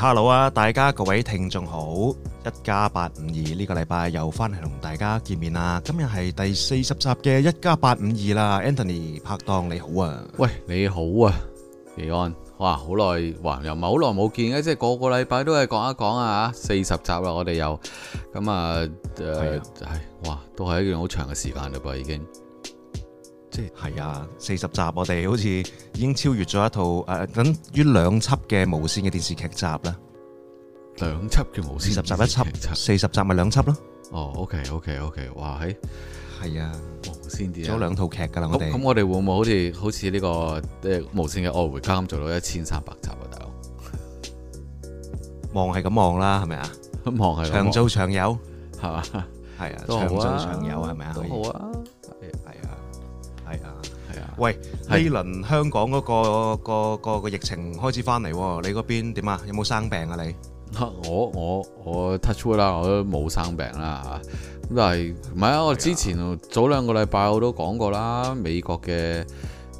Hello 啊，大家各位聽眾好，一家八五二呢個禮拜又翻嚟同大家見面啦，今日係第四十集嘅一家八五二啦，Anthony 拍檔你好啊。喂你好啊，李、e、安，哇好耐哇，又唔係好耐冇見嘅，即係個個禮拜都係講一講啊，四十集啦，我哋又咁啊，係、呃啊哎、哇都係一段好長嘅時間嘞噃已經。係啊，四十集我哋好似已經超越咗一套誒，等於兩輯嘅無線嘅電視劇集啦。兩輯嘅無線，四十集一輯，四十集咪兩輯咯。哦，OK，OK，OK，哇，係，係啊，無線啲，咗兩套劇噶啦，我哋。咁我哋會唔會好似好似呢個誒無線嘅《愛回家》咁做到一千三百集啊？大佬，望係咁望啦，係咪啊？望係長做長有，係嘛？係啊，長做長有係咪啊？好啊。喂，呢輪香港嗰、嗰個是個個，個，個疫情開始翻嚟，你嗰邊點啊？有冇生病啊？你我我我 touch wood 啦，我都冇生病啦嚇。咁但係唔係啊？我之前早兩個禮拜我都講過啦，美國嘅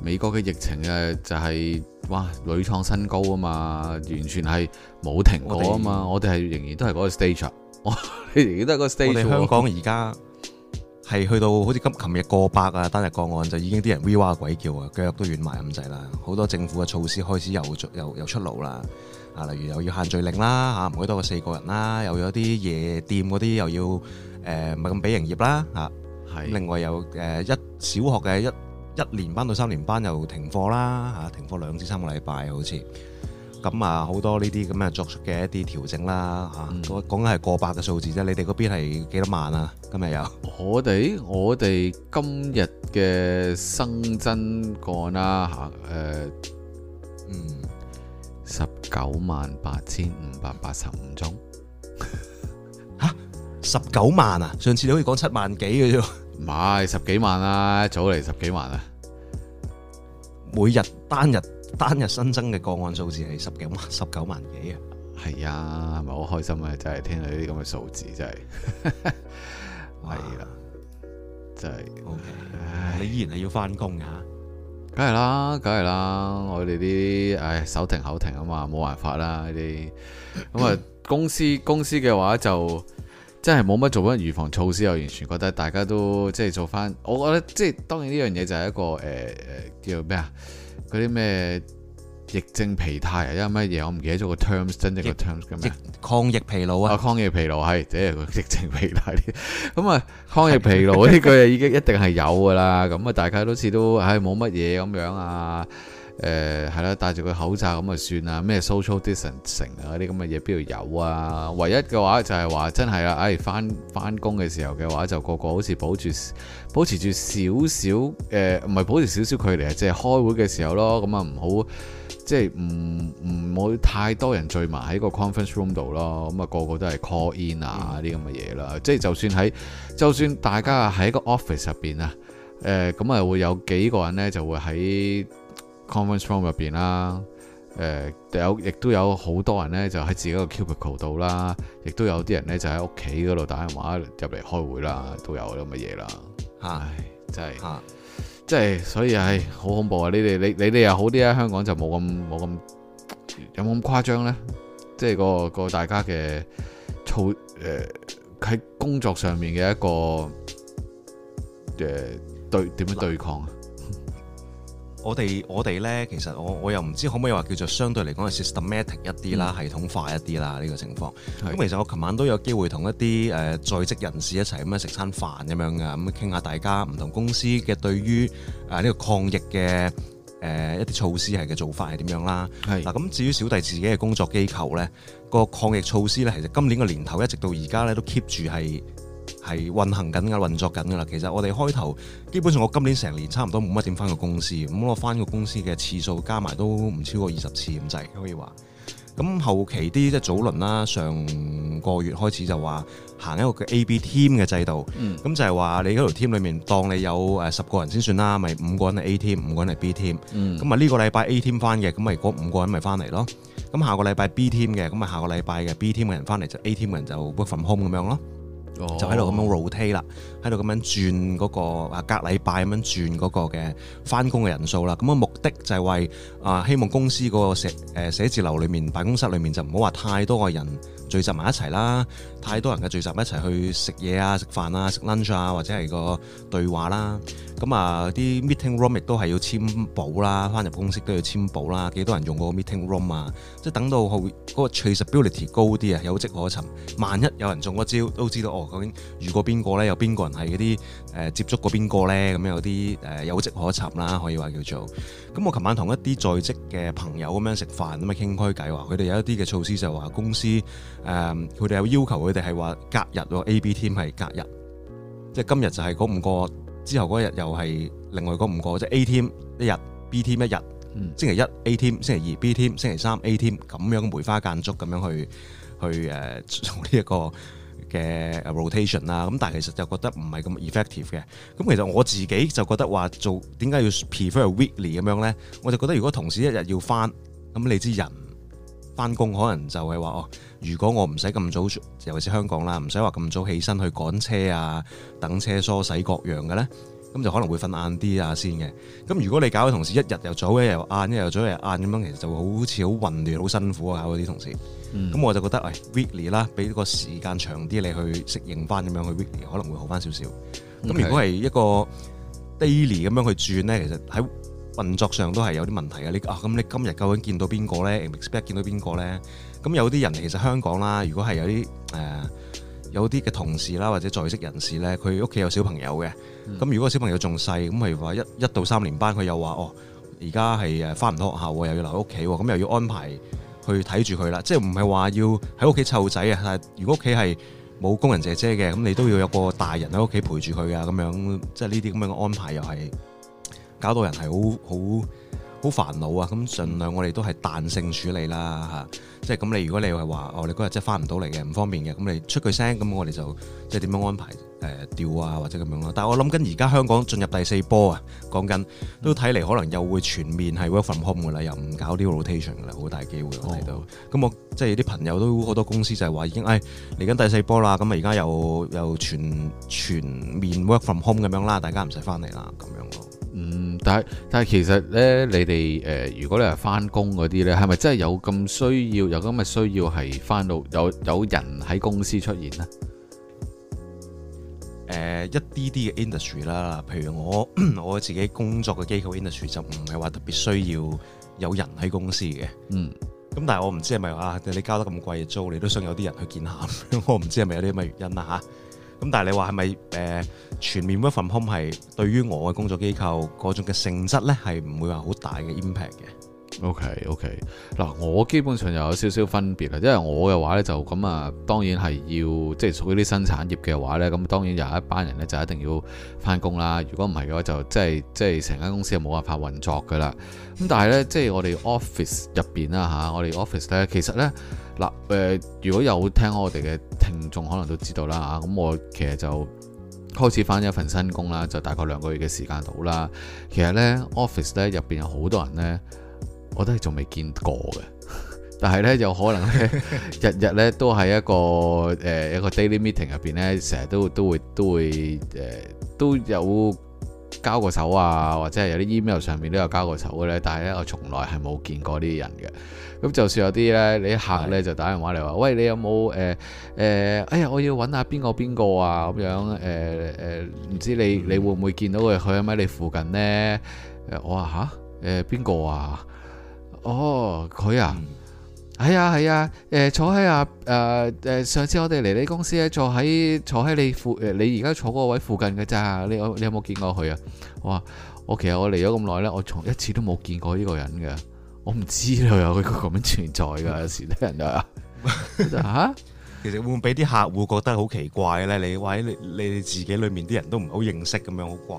美國嘅疫情啊、就係，就係哇屢創新高啊嘛，完全係冇停過啊嘛。我哋們係仍然都係嗰個 stage，我哋仍然都係嗰個 stage。我哋香港而家。係去到好似今琴日過百啊，單日個案就已經啲人哇哇鬼叫啊，腳都軟埋咁滯啦。好多政府嘅措施開始又，又，又出有出爐啦，啊，例如又要限聚令啦，嚇唔可以多過四個人啦，又有啲夜店嗰啲又要誒唔係咁俾營業啦，啊、係另外有誒一小學嘅一一年班到三年班又停課啦、啊，停課兩至三個禮拜好似。咁啊，好多呢啲咁嘅作出嘅一啲調整啦嚇，我講緊係過百嘅數字啫。你哋嗰邊係幾多萬啊？今日有我哋，我哋今日嘅新增個案啦嚇誒，呃、嗯，十九萬八千五百八十五宗嚇、 啊，十九萬啊！上次你好似講七萬幾嘅啫，唔係十幾萬啊，早嚟十幾萬啊，每日單日。單日新增嘅個案數字係十九萬，十九萬幾啊！係啊，係咪好開心啊？就係聽到呢啲咁嘅數字，真係係啦，真係。OK，你依然係要翻工啊？梗係啦，梗係啦。我哋啲唉手停口停啊嘛，冇辦法啦呢啲。咁啊，公司 公司嘅話就真係冇乜做緊預防措施，又完全覺得大家都即係做翻。我覺得即係當然呢樣嘢就係一個誒誒、呃、叫咩啊？嗰啲咩疫症疲態啊，因為乜嘢我唔記得咗個 terms，疫真正個 terms 咁抗疫疲勞啊！抗疫疲勞係，即係個疫症疲態。咁啊，抗疫疲勞呢句啊已經一定係有噶啦。咁啊，大家都似都唉，冇乜嘢咁樣啊。誒係啦，戴住個口罩咁啊算啦，咩 social distancing 啊呢啲咁嘅嘢邊度有啊？唯一嘅話就係話真係啦，誒翻翻工嘅時候嘅話，就個個好似保持保持住少少誒，唔、呃、係保持少少距離啊，即係開會嘅時候咯，咁啊唔好即係唔唔太多人聚埋喺個 conference room 度咯，咁啊個個都係 call in 啊啲咁嘅嘢啦，即係、嗯、就算喺就算大家喺個 office 入面啊，誒咁啊會有幾個人呢，就會喺。Conference room 入邊啦，誒、呃，也有亦都有好多人咧，就喺自己個 cubicle 度啦，亦都有啲人咧就喺屋企嗰度打電話入嚟開會啦，都有咁嘅嘢啦。啊、唉，真係，啊、真係，所以係好、哎、恐怖啊！你哋你們你哋又好啲啊，香港就冇咁冇咁有冇咁誇張咧？即、就、係、是、個個大家嘅操，誒、呃、喺工作上面嘅一個誒、呃、對點樣對抗啊？我哋我哋咧，其實我我又唔知可唔可以話叫做相對嚟講係 systematic 一啲啦，嗯、系統化一啲啦呢個情況。咁是的 其實我琴晚都有機會同一啲誒在職人士一齊咁樣食餐飯咁樣噶，咁傾下大家唔同公司嘅對於誒呢個抗疫嘅誒、呃、一啲措施係嘅做法係點樣啦。嗱咁，至於小弟自己嘅工作機構咧，個抗疫措施咧，其實今年個年頭一直到而家咧都 keep 住係。係運行緊嘅，運作緊噶啦。其實我哋開頭基本上我今年成年差唔多冇乜點翻個公司，咁我翻個公司嘅次數加埋都唔超過二十次咁滯，可以話。咁後期啲即係早輪啦，上個月開始就話行一個叫 A B team 嘅制度，咁、嗯、就係話你嗰條 team 裏面當你有誒十個人先算啦，咪、就、五、是、個人係 A team，五個人係 B,、嗯、B, B, B team。咁啊呢個禮拜 A team 翻嘅，咁咪如五個人咪翻嚟咯。咁下個禮拜 B team 嘅，咁啊下個禮拜嘅 B team 嘅人翻嚟就 A team 嘅人就 work from home 咁樣咯。就喺度咁樣 rotate 啦，喺度咁樣轉嗰個啊，隔禮拜咁樣轉嗰個嘅翻工嘅人數啦。咁個目的就係為啊，希望公司嗰個寫誒寫字樓裏面辦公室裏面就唔好話太多個人。聚集埋一齊啦，太多人嘅聚集一齊去食嘢啊、食飯啊、食 lunch 啊，或者係個對話啦。咁啊，啲 meeting room 亦都係要簽簿啦，翻入公司都要簽簿啦。幾多人用過嗰個 meeting room 啊？即係等到後嗰、嗰個 traceability 高啲啊，有跡可尋。萬一有人中咗招，都知道哦。究竟如果邊個呢？有邊個人係嗰啲？誒接觸過邊個咧？咁有啲誒有跡可尋啦，可以話叫做。咁我琴晚同一啲在職嘅朋友咁樣食飯咁啊傾開偈話，佢哋有一啲嘅措施就話公司誒佢哋有要求，佢哋係話隔日喎 A B team 係隔日，即係今日就係嗰五個，之後嗰日又係另外嗰五個，即係 A team 一日，B team 一日，星期一 A team，星期二 B team，星期三 A team，咁樣梅花間竹咁樣去去誒做呢一個。嘅 rotation 啦，咁但係其實就覺得唔係咁 effective 嘅。咁其實我自己就覺得話做點解要 prefer weekly 咁樣呢？我就覺得如果同事一日要返，咁你知人返工可能就係話哦，如果我唔使咁早，尤其是香港啦，唔使話咁早起身去趕車啊、等車、梳洗各樣嘅呢，咁就可能會瞓晏啲啊先嘅。咁如果你搞嘅同事一日又早一日又晏，一日又早一日又晏咁樣，其實就好似好混亂、好辛苦啊！搞嗰啲同事。咁、嗯、我就覺得，喂 weekly 啦，俾個時間長啲你去適應翻咁樣，去 weekly 可能會好翻少少。咁 Okay. 如果係一個 daily 咁樣去轉咧，其實喺運作上都係有啲問題嘅。你啊，咁你今日究竟見到邊個咧？expect 見到邊個咧？咁有啲人其實香港啦，如果係有啲誒、呃、有啲嘅同事啦，或者在職人士咧，佢屋企有小朋友嘅。咁、嗯、如果小朋友仲細，咁譬如話一一到三年班，佢又話哦，而家係誒翻唔到學校喎，又要留喺屋企喎，咁又要安排。去睇住佢啦，即係唔係話要喺屋企湊仔啊？但係如果屋企係冇工人姐姐嘅，咁你都要有一個大人喺屋企陪住佢啊。咁樣即係呢啲咁樣嘅安排又係搞到人係好好好煩惱啊！咁儘量我哋都係彈性處理啦，嚇、啊！即係咁，你如果你係話哦，你嗰日即係翻唔到嚟嘅，唔方便嘅，咁你出句聲，咁我哋就即係點樣安排？誒調、呃、啊，或者咁樣咯。但係我諗緊，而家香港進入第四波啊，講緊都睇嚟可能又會全面係 work from home 嘅啦，又唔搞呢個 rotation 啦，好大機會我睇到。咁、哦嗯、我即係啲朋友都好多公司就係話已經誒嚟緊第四波啦。咁啊而家又又全全面 work from home 咁樣啦，大家唔使翻嚟啦咁樣咯。嗯，但係但係其實咧，你哋、呃、如果你係翻工嗰啲咧，係咪真係有咁需要，有咁嘅需要係翻到有有人喺公司出現呢？呃、一啲啲嘅 industry 啦，譬如我我自己工作嘅機構 industry 就唔係話特別需要有人喺公司嘅。咁、嗯、但係我唔知係咪啊？你交得咁貴嘅租，你都想有啲人去見下，我唔知係咪有啲咁嘅原因啦咁、啊、但係你話係咪誒全面 work from home 係對於我嘅工作機構嗰種嘅性質咧，係唔會話好大嘅 impact 嘅？O K O K 嗱，okay, okay. 我基本上又有少少分別啦，因為我嘅話呢，就咁啊，當然係要即係屬於啲新產業嘅話呢。咁當然有一班人呢，就一定要返工啦。如果唔係嘅話就，就即係即係成間公司係冇辦法運作㗎啦。咁但係呢，即、就、係、是、我哋 office 入邊啦吓、啊，我哋 office 呢，其實呢，嗱、啊、誒、呃，如果有聽我哋嘅聽眾可能都知道啦吓，咁、啊、我其實就開始返一份新工啦，就大概兩個月嘅時間到啦。其實呢，office 呢入邊有好多人呢。我都係仲未見過嘅，但係呢，有可能日日呢，天天呢都喺一個誒、呃、一個 daily meeting 入邊呢，成日都都會都會誒、呃、都有交過手啊，或者係有啲 email 上面都有交過手嘅呢，但係呢，我從來係冇見過呢啲人嘅。咁就算有啲呢，你一客呢的就打電話嚟話，喂，你有冇誒誒？哎呀，我要揾下邊個邊個啊咁樣誒誒？唔、呃呃、知你你會唔會見到佢佢喺咪你附近呢？我話吓，誒邊個啊？哦，佢啊，係啊係啊，誒、啊啊、坐喺啊誒誒，上次我哋嚟你公司咧，坐喺坐喺你附誒，你而家坐嗰個位附近㗎咋？你你有冇見過佢啊？我話我其實我嚟咗咁耐咧，我從一次都冇見過呢個人㗎，我唔知佢有佢咁樣存在噶，有時啲人都吓，啊、其實會唔會俾啲客戶覺得好奇怪咧？你或者你你自己裏面啲人都唔好認識咁樣，好怪。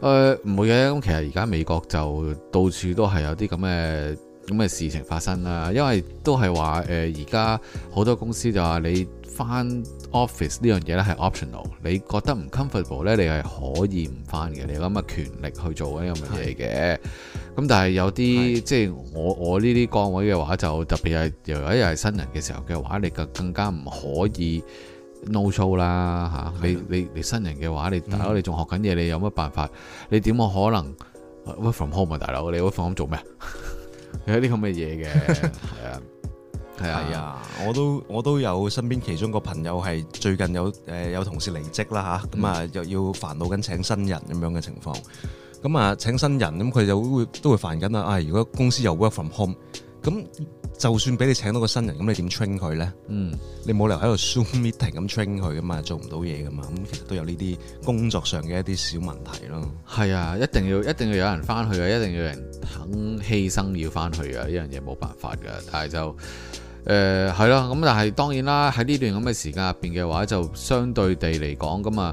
誒唔會嘅，咁、呃、其實而家美國就到處都係有啲咁嘅咁嘅事情發生啦，因為都係話誒而家好多公司就話你翻 office 呢樣嘢咧係 optional，你覺得唔 comfortable 咧，你係可以唔翻嘅，你有咁嘅權力去做咁樣嘅嘢嘅。咁是的 但係有啲是的 即係我我呢啲崗位嘅話就，就特別係又又係新人嘅時候嘅話，你更更加唔可以。No show 啦嚇，你你你新人嘅話，你大佬你仲學緊嘢，你有乜辦法？你點可能、嗯、work from home 啊大佬？你 work from home 做咩啊？有啲咁嘅嘢嘅，係啊，係啊，我都我都有身邊其中個朋友係最近有誒有同事離職啦吓，咁啊又、啊、要煩惱緊請新人咁樣嘅情況，咁啊請新人咁佢就都會都會煩緊啦。啊、哎、如果公司又 work from home。咁就算俾你請到個新人，咁你點 train 佢呢？嗯，你冇理由喺度 Zoom meeting 咁 train 佢噶嘛，做唔到嘢噶嘛。咁其實都有呢啲工作上嘅一啲小問題咯。係啊，一定要一定要有人翻去啊，一定要有人肯犧牲要翻去、呃、啊。呢樣嘢冇辦法㗎。但係就係咯。咁但係當然啦，喺呢段咁嘅時間入邊嘅話，就相對地嚟講咁啊，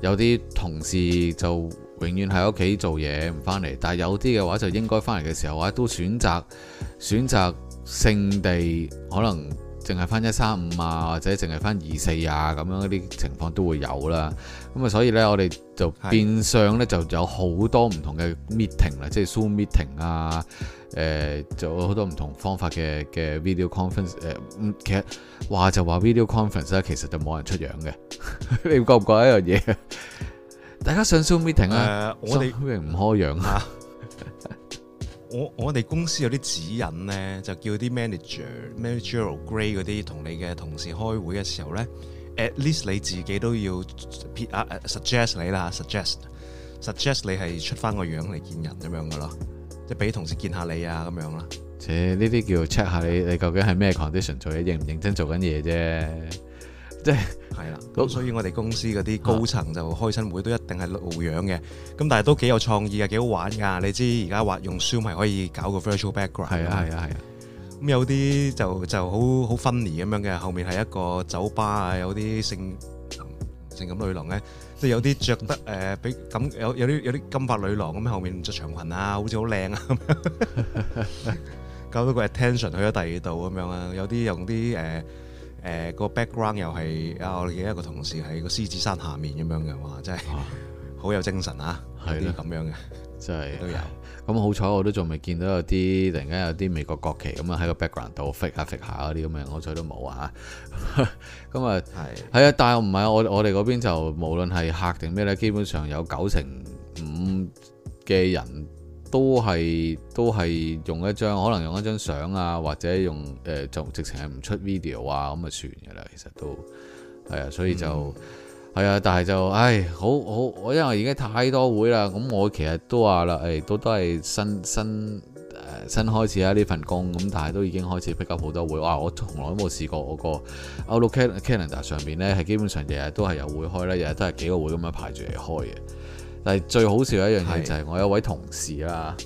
有啲同事就永遠喺屋企做嘢唔翻嚟，但係有啲嘅話就應該翻嚟嘅時候，都選擇。選擇勝地，可能淨係返一三五啊，或者淨係返二四啊，咁樣啲情況都會有啦。咁啊，所以呢，我哋就的變相呢、啊呃，就有好多唔同嘅 meeting 啦，即係 zoom meeting 啊，誒，就有好多唔同方法嘅嘅 video conference 誒、呃。其實話就話 video conference 咧、啊，其實就冇人出樣嘅， 你覺唔覺一樣嘢？ 大家上 zoom meeting 啊，我哋唔開樣啊。Uh, 我我哋公司有啲指引咧，就叫啲 Man manager Gray、manager、grey 啲同你嘅同事開會嘅時候咧，at least 你自己都要 suggest 你啦，suggest suggest 你係出翻個樣嚟見人咁樣噶咯，即係俾同事見下你啊咁樣啦。切，呢啲叫 check 下你你究竟係咩 condition 做嘢，認唔認真做緊嘢啫。即係係啦，咁所以我哋公司嗰啲高層就開親會都一定係老樣嘅，咁但係都幾有創意啊，幾好玩噶。你知而家話用 Zoom 係可以搞個 virtual background，係啊係啊係啊。咁有啲就就好好 funny 咁樣嘅，後面係一個酒吧啊，有啲性性感女郎咧，即係有啲著得誒，比咁有有啲有啲金髮女郎咁樣，後面著長裙啊，好似好靚啊，搞到個 attention 去咗第二度咁樣啊。有啲用啲誒。誒、呃那個 background 又係啊，我記得一個同事喺個獅子山下面咁樣嘅，哇！真係好有精神啊，啲咁樣嘅，真係都有咁、嗯、好彩，我都仲未見到有啲突然間有啲美國國旗咁啊喺個 background 度 fit 下 fit 下嗰啲咁樣，我彩都冇啊！咁 啊、嗯，係係啊，但係唔係我我哋嗰邊就無論係客定咩咧，基本上有九成五嘅人。都係都係用一張，可能用一張相啊，或者用誒就、呃、直情係唔出 video 啊咁啊算嘅啦，其實都係啊，所以就係、嗯、啊，但係就唉，好好我因為我已經太多會啦，咁我其實都話啦，誒、哎、都都係新新誒、呃、新開始啊呢份工，咁但係都已經開始 pick up 好多會哇！我從來冇試過我個 Outlook Calendar 上面呢係基本上日日都係有會開啦，日日都係幾個會咁樣排住嚟開嘅。但係最好笑嘅一樣嘢就係我有位同事啊，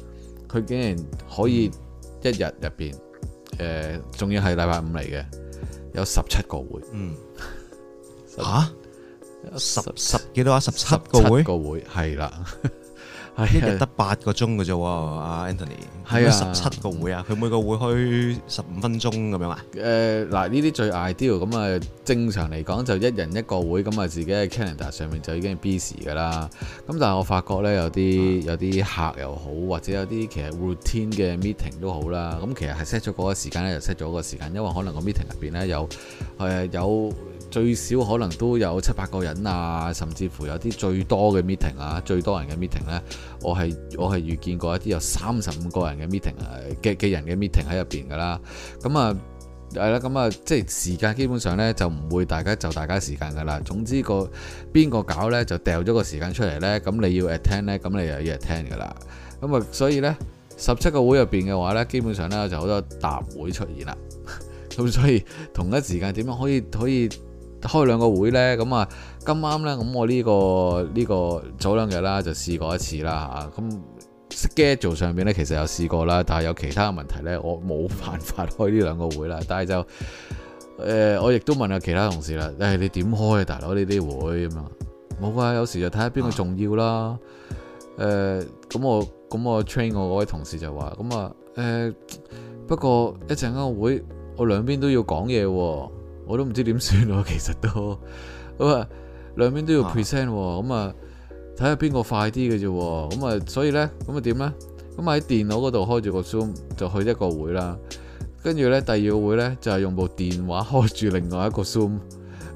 佢是竟然可以一日入邊，誒、嗯，仲、呃、要係禮拜五嚟嘅，有十七個會。嗯，嚇，十十幾多啊？十七個會十七個會係啦。對了 係、啊、一日得八個鐘嘅啫喎，阿、wow, Anthony，咁啊十七個會啊，佢每個會開十五分鐘咁樣啊？誒、呃，嗱呢啲最 ideal，咁啊正常嚟講就一人一個會，咁啊自己喺 calendar 上面就已經 busy 嘅啦。咁但係我發覺咧有啲有啲客又好，或者有啲其實 routine 嘅 meeting 都好啦。咁其實係 set 咗嗰個時間咧，就 set 咗個時間，因為可能個 meeting 入邊咧有誒有。有最少可能都有七八個人啊，甚至乎有啲最多嘅 meeting 啊，最多人嘅 meeting 呢。我係我係遇見過一啲有三十五個人嘅 meeting 嘅、呃、嘅人嘅 meeting 喺入邊噶啦。咁啊，係啦，咁啊，即係時間基本上呢，就唔會大家就大家時間噶啦。總之個邊個搞呢，就掉咗個時間出嚟呢。咁你要 attend 呢，咁你又要 attend 噶啦。咁啊，所以呢，十七個會入邊嘅話呢，基本上呢，就好多答會出現啦。咁 所以同一時間點樣可以可以開兩個會呢，咁啊，今晚呢，咁我呢、這個呢、這個早兩日啦，就試過一次啦，吓咁 schedule 上面呢，其實有試過啦，但係有其他嘅問題呢，我冇辦法開呢兩個會啦，但係就誒、呃，我亦都問下其他同事啦，誒、哎，你點開、啊、大佬呢啲會咁啊，冇啊，有時就睇下邊個重要啦。誒、呃，咁我咁我 train 我嗰位同事就話，咁啊，誒、呃，不過一陣間個會，我兩邊都要講嘢喎。我都唔知點算喎、啊，其實都，咁啊兩邊都要 present 喎、啊，咁啊睇下邊個快啲嘅啫，咁啊所以呢，咁啊點呢？咁啊喺電腦嗰度開住個 zoom 就去一個會啦，跟住呢，第二個會呢，就係、是、用部電話開住另外一個 zoom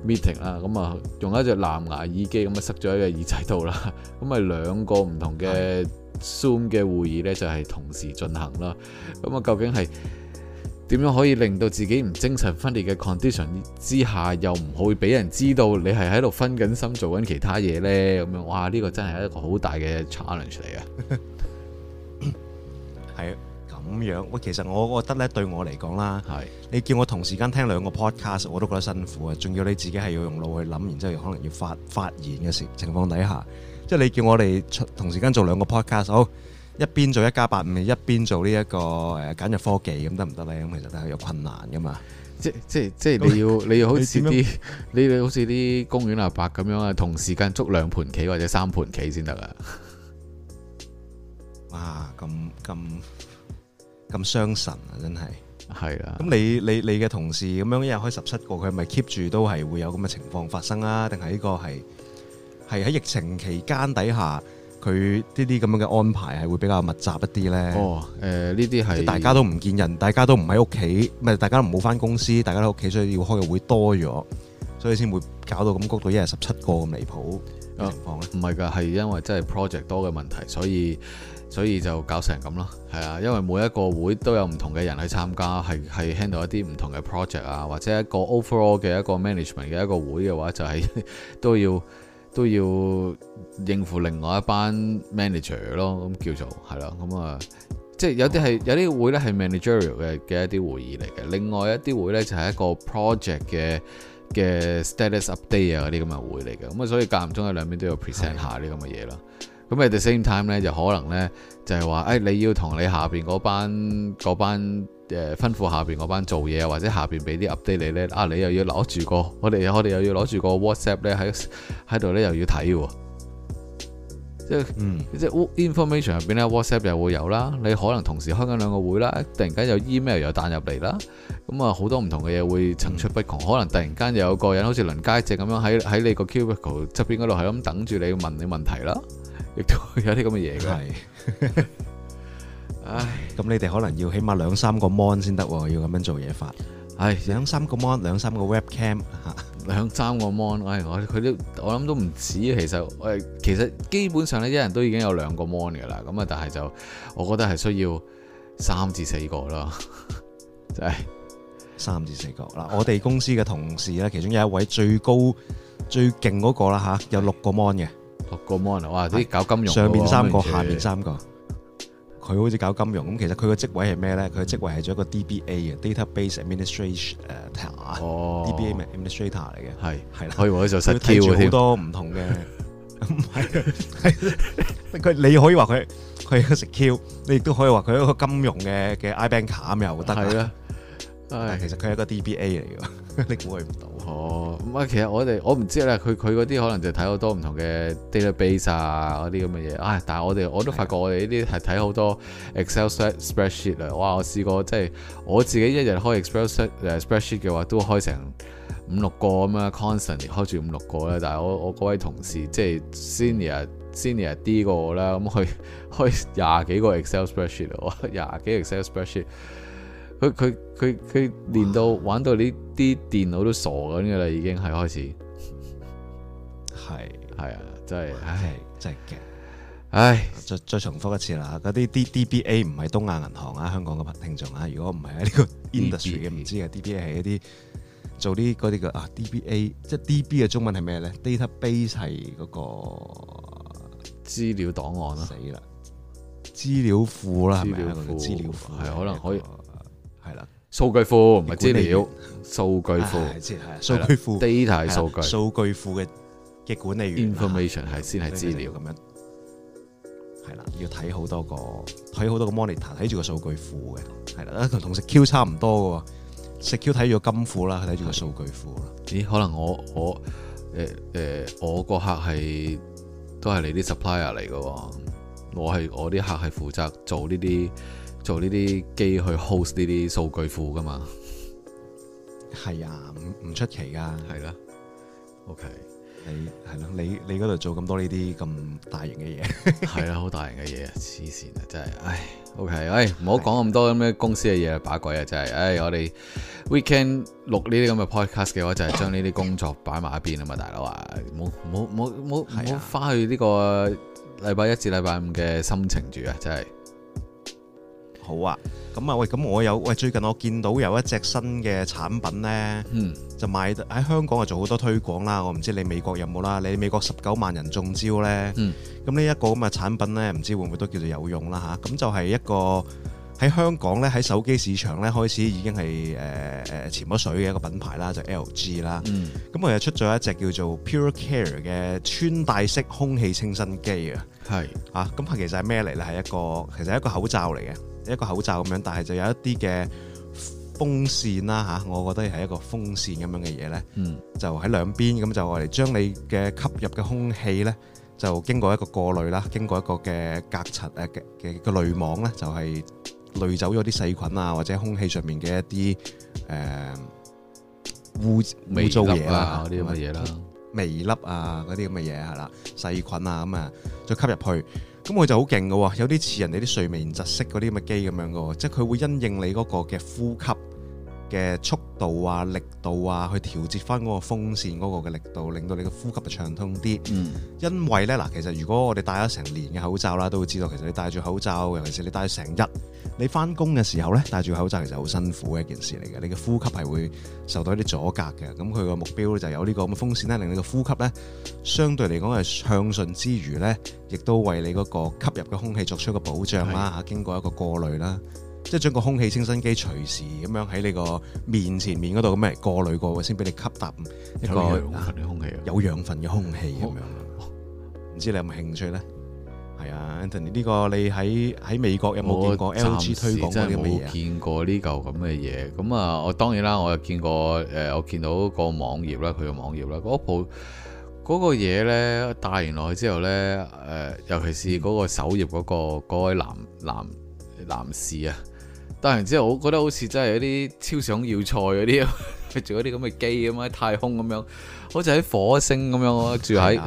meeting 啦，咁啊用一隻藍牙耳機咁啊塞咗喺個耳仔度啦，咁咪兩個唔同嘅 zoom 嘅會議呢，就係同時進行啦，咁啊究竟係？點樣可以令到自己唔精神分裂嘅 condition 之下，又唔會俾人知道你係喺度分緊心做緊其他嘢呢？咁樣哇，呢個真係一個好大嘅 challenge 嚟嘅。係啊，咁樣喂，其實我覺得呢，對我嚟講啦，係你叫我同時間聽兩個 podcast，我都覺得辛苦啊。仲要你自己係要用腦去諗，然之後可能要發發言嘅情況底下，即係你叫我哋同時間做兩個 podcast，好。一邊做一家 852，8, 5, 一邊做呢一個誒簡約科技咁得唔得呢？咁其實都係有困難噶嘛。即即，即你要你，你要好似啲你哋好似啲公園阿伯咁樣啊，同時間捉兩盤棋或者三盤棋先得啊！哇，咁咁咁傷神啊！真係係啦。咁、你、你你嘅同事咁樣一日開十七個，佢咪 keep 住都係會有咁嘅情況發生啊？定係呢個係係喺疫情期間底下？佢呢啲咁樣嘅安排係會比較密集一啲呢。哦，誒呢啲係大家都唔見人，大家都唔喺屋企，唔係大家都唔好翻公司，大家喺屋企，所以要開嘅會多咗，所以先會搞到咁高到一日十七個咁離譜情況。唔係㗎，係、啊、因為真係 project 多嘅問題，所以所以就搞成咁咯。係啊，因為每一個會都有唔同嘅人去參加，係係 handle 一啲唔同嘅 project 啊，或者一個 overall 嘅一個 management 嘅一個會嘅話、就係，就係都要都要。都要應付另外一班 manager 咯，咁叫做係啦，咁啊，即係有啲係有啲會咧係 managerial 嘅嘅一啲會議嚟嘅，另外一啲會咧就係一個 project 嘅嘅 status update 啊嗰啲咁嘅會嚟嘅，咁啊所以間唔中喺兩邊都要 present 下啲咁嘅嘢咯。咁啊，at the same time 咧就可能咧就係話誒你要同你下邊嗰班嗰班誒吩咐下邊嗰班做嘢啊，或者下邊俾啲 update 你咧啊，你又要攞住個我哋我哋又要攞住個 WhatsApp 咧喺喺度咧又要睇喎。即係、嗯、即係 information 入邊咧，WhatsApp 又會有啦。你可能同時開緊兩個會啦，突然間有 email 又彈入嚟啦。咁啊，好多唔同嘅嘢會層出不窮。嗯、可能突然間又有個人好似輪街症咁樣喺喺你個 cubicle 側邊嗰度，係咁等住你問你問題啦。亦都有啲咁嘅嘢嘅。係是。 唉，咁你哋可能要起碼兩三個 mon 先得，要咁樣做嘢法。唉、哎，兩三個 mon，兩三個 webcam。兩三個 mon，哎我佢都我諗都唔止，其實，誒其實基本上咧，一人都已經有兩個 mon 噶啦，咁啊，但係就我覺得係需要三至四個啦，就係、係、三至四個。嗱，我哋公司嘅同事咧，其中有一位最高最勁嗰個啦吓，有六個 mon 嘅，六個 mon 啊，哇啲搞金融，上面三個，下面三個。佢好似搞金融咁，其實佢個職位係咩咧？佢個、嗯、職位係做一個 DBA 嘅，Database Administrator，哦、DBA Administrator 嚟嘅，係係啦，可以話佢做識 Q 好多唔同嘅，係佢、啊、 你可以話佢佢一個識 Q，你亦都可以話佢一個金融嘅嘅 IBank 卡咁又得。誒，唉其實佢係一個 DBA 嚟㗎， 你估佢唔到咁啊、哦，其實我哋我唔知咧，佢佢嗰啲可能就睇好多唔同嘅 database 啊，嗰啲咁嘅嘢。唉、哎，但係我哋我都發覺我哋呢啲係睇好多 Excel spreadsheet 啊。哇，我試過即係我自己一日開 Excel spreadsheet 嘅話，都開成五六個咁啊 constantly 開住五六個咧。但係我我嗰位同事即係 senior senior 啲過我啦，咁佢開廿幾個 Excel spreadsheet，哇，廿幾 Excel spreadsheet。佢佢佢佢連到玩到呢啲電腦都傻緊㗎啦，已經係開始，係係是啊，真係唉，真係真係嘅，唉，再再重複一次啦，嗰啲 DDBA 唔係東亞銀行啊，香港嘅聽眾啊，如果唔係喺呢個 industry 嘅 D BA、啊，唔知啊，DBA 係一啲做啲嗰啲叫啊，DBA 即係 DB 嘅中文係咩咧？database 係嗰、嗰個資料檔案咯、啊，死資啦，資料庫啦，係咪啊？資料庫係、啊、可能可以。數據庫唔係資料，數據庫係先係數據庫，data 係數據，數據庫嘅嘅管理員，information 係先係資料咁樣，係啦，要睇好多個，睇好多個 monitor 睇住個數據庫嘅，係啦，同同食 Q 差唔多噶，食 Q 睇住個金庫啦，睇住個數據庫啦，咦？可能我我誒誒，我個、呃呃、客係都係你啲 supplier 嚟噶喎。我係我啲客係負責做呢啲做呢啲機去 host 呢啲數據庫噶嘛，係啊，唔唔出奇噶，係啦、啊。OK，你係咯、啊，你你嗰度做咁多呢啲咁大型嘅嘢，係 啊，好大型嘅嘢啊，黐線啊，真係，唉。OK，唉，唔好講咁多咁咩公司嘅嘢的把鬼啊，真係，唉，我哋 weekend 錄呢啲咁嘅 podcast 嘅話，就係將呢啲工作擺埋一邊啊嘛， 大佬啊，冇冇冇冇冇，翻的去呢個。禮拜一至禮拜五嘅心情住啊，真係好啊！咁啊喂，咁我有喂最近我見到有一隻新嘅產品呢，嗯，就買喺香港啊做好多推廣啦。我唔知你美國有冇啦，你美國十九萬人中招呢。嗯，咁呢一個咁嘅產品呢，唔知會唔會都叫做有用啦吓？咁就係一個。喺香港咧，喺手機市場咧，開始已經係誒誒潛咗水嘅一個品牌啦，就 LG 啦。嗯。咁佢又出咗一隻叫做 PuriCare 嘅穿戴式空氣清新機啊。係。嚇，咁其實係咩嚟咧？係一個其實係一個口罩嚟嘅，一個口罩咁樣，但係就有一啲嘅風扇啦嚇。我覺得係一個風扇咁樣嘅嘢咧。嗯。就喺兩邊咁就我哋將你嘅吸入嘅空氣咧，就經過一個過濾啦，經過一個嘅隔塵誒嘅嘅個濾網咧，就係。濾走咗啲細菌啊，或者空氣上面嘅一啲誒污糟嘢啦，嗰啲乜嘢啦，微粒啊，嗰啲咁嘅嘢係啦，細菌啊咁啊，再吸入去，咁佢就好勁㗎，有啲似人哋啲睡眠窒息嗰啲咁嘅機咁樣㗎，即係佢會因應你嗰個嘅呼吸嘅速度啊、力度啊，去調節翻嗰個風扇嗰個嘅力度，令到你嘅呼吸就暢通啲。嗯，因為咧嗱，其實如果我哋戴咗成年嘅口罩啦，都會知道，其實你戴住口罩，尤其是你戴咗成日。你翻工嘅時候呢，戴住口罩其實好辛苦嘅一件事嚟嘅，你嘅呼吸係會受到一啲阻隔嘅。咁佢個目標就有呢個風扇呢，令你嘅呼吸呢，相對嚟講係暢順之餘呢，亦都為你嗰個吸入嘅空氣作出一個保障啦。嚇的，經過一個過濾啦，即係將個空氣清新機隨時咁樣喺你個面前面嗰度咁嚟過濾過先俾你吸達一個有氧分嘅空氣，有氧分嘅空氣。唔、嗯樣哦、知你有冇興趣呢？係啊，Anthony，呢個你喺喺美國有冇見過 L.G. 暫推廣，你有冇見過呢嚿咁嘅嘢？咁啊，我當然啦，我又見過誒、呃，我見到個網頁啦，佢個網頁啦 o p 個嘢咧帶完落去之後咧，誒、呃，尤其是嗰個首頁嗰、嗰個嗰位男男男士啊，帶完之後，我覺得好似真係一啲超想要菜嗰啲，住嗰啲咁嘅機咁喺太空咁樣，好似喺火星咁樣住喺。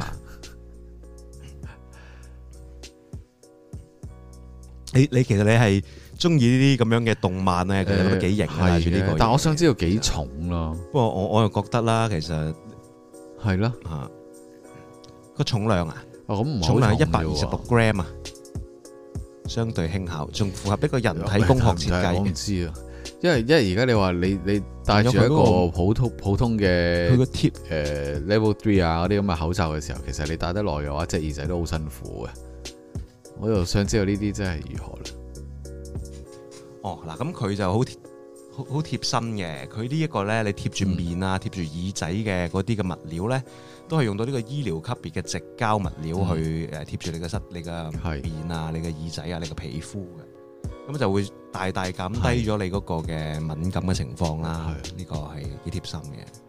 你你其實你係中意呢啲咁樣嘅動漫咧，其實都幾型戴住呢個，但我想知道幾重咯。不過我我又覺得啦，其實係咯，吓，個重量啊，咁重量一百二十六 gram 啊，相對輕巧，仲符合一個人體工學設計。我唔知啊，因為因為而家你話你你戴住一個普通普通嘅佢個 tip 誒 level three 啊嗰啲咁嘅口罩嘅時候，其實你戴得耐嘅話，隻耳仔都好辛苦嘅。我又想知道呢啲真係如何咧？哦，嗱，咁佢就好貼好貼心嘅。佢呢一個咧，你貼住面啊，嗯、貼住耳仔嘅嗰啲嘅物料咧，都係用到呢個醫療級別嘅直膠物料去誒貼住你嘅身、你嘅面啊、你嘅耳仔啊、你嘅皮膚嘅。咁就會大大減低咗你嗰個嘅敏感嘅情況啦。呢是的個係幾貼心嘅。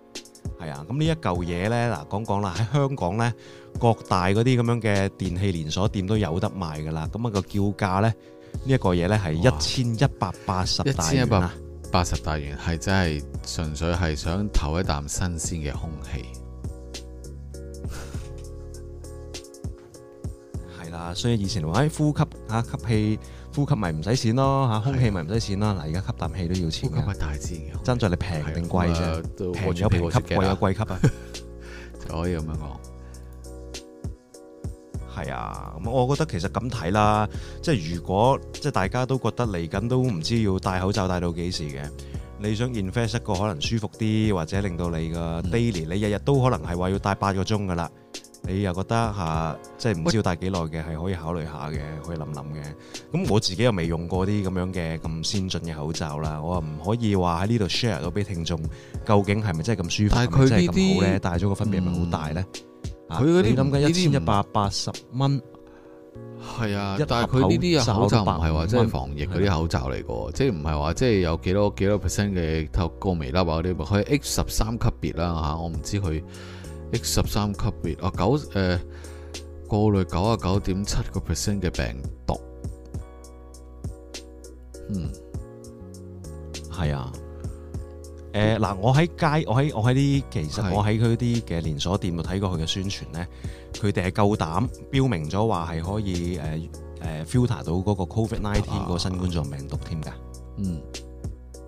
係啊，咁呢一嚿嘢咧，嗱，講講啦，喺香港咧，各大嗰啲咁樣嘅電器連鎖店都有得賣噶啦，咁、那、啊個叫價咧，這個、呢一個嘢咧係一千一百八十，一千一百八十大元，係真係純粹係想唞一啖新鮮嘅空氣，係 啦、啊，所以以前話喺呼吸啊吸氣。呼吸咪唔使錢咯嚇，空氣咪唔使錢咯。嗱，而家吸啖氣都要錢嘅，爭在你平定貴啫，平有平級，貴有貴級啊。可以咁樣講，係啊。咁我覺得其實咁睇啦，即係如果即係大家都覺得嚟緊都唔知要戴口罩戴到幾時嘅，你想見 face 個可能舒服啲，或者令到你嘅 daily 你日日都可能係話要戴八個鐘噶啦。你又覺得嚇，即係唔知要戴幾耐嘅，係喂可以考慮下嘅，可以諗諗嘅。咁我自己又未用過啲咁樣嘅咁先進嘅口罩啦，我又唔可以話喺呢度 share 到俾聽眾，究竟係咪真係咁舒服，但係咪真係咁好咧？戴咗個分別唔係好大咧。佢嗰啲點諗一千一百八十蚊？係啊，但係佢呢啲口罩唔係話即係防疫嗰啲口罩嚟嘅，即係唔係話即係有幾多幾多 percent 嘅透過微粒話嗰啲，佢 X 十三級別啦嚇、啊，我唔知佢。X 十三級別啊，九誒、呃、過濾九啊九點七個 percent 嘅病毒，嗯，係啊，誒、呃、嗱，我喺街，我喺我喺啲，其實我喺佢啲嘅連鎖店度睇過佢嘅宣傳咧，佢哋係夠膽標明咗話係可以誒誒、呃呃、filter 到嗰個 Covid Nineteen、啊啊、個新冠狀病毒添㗎，嗯。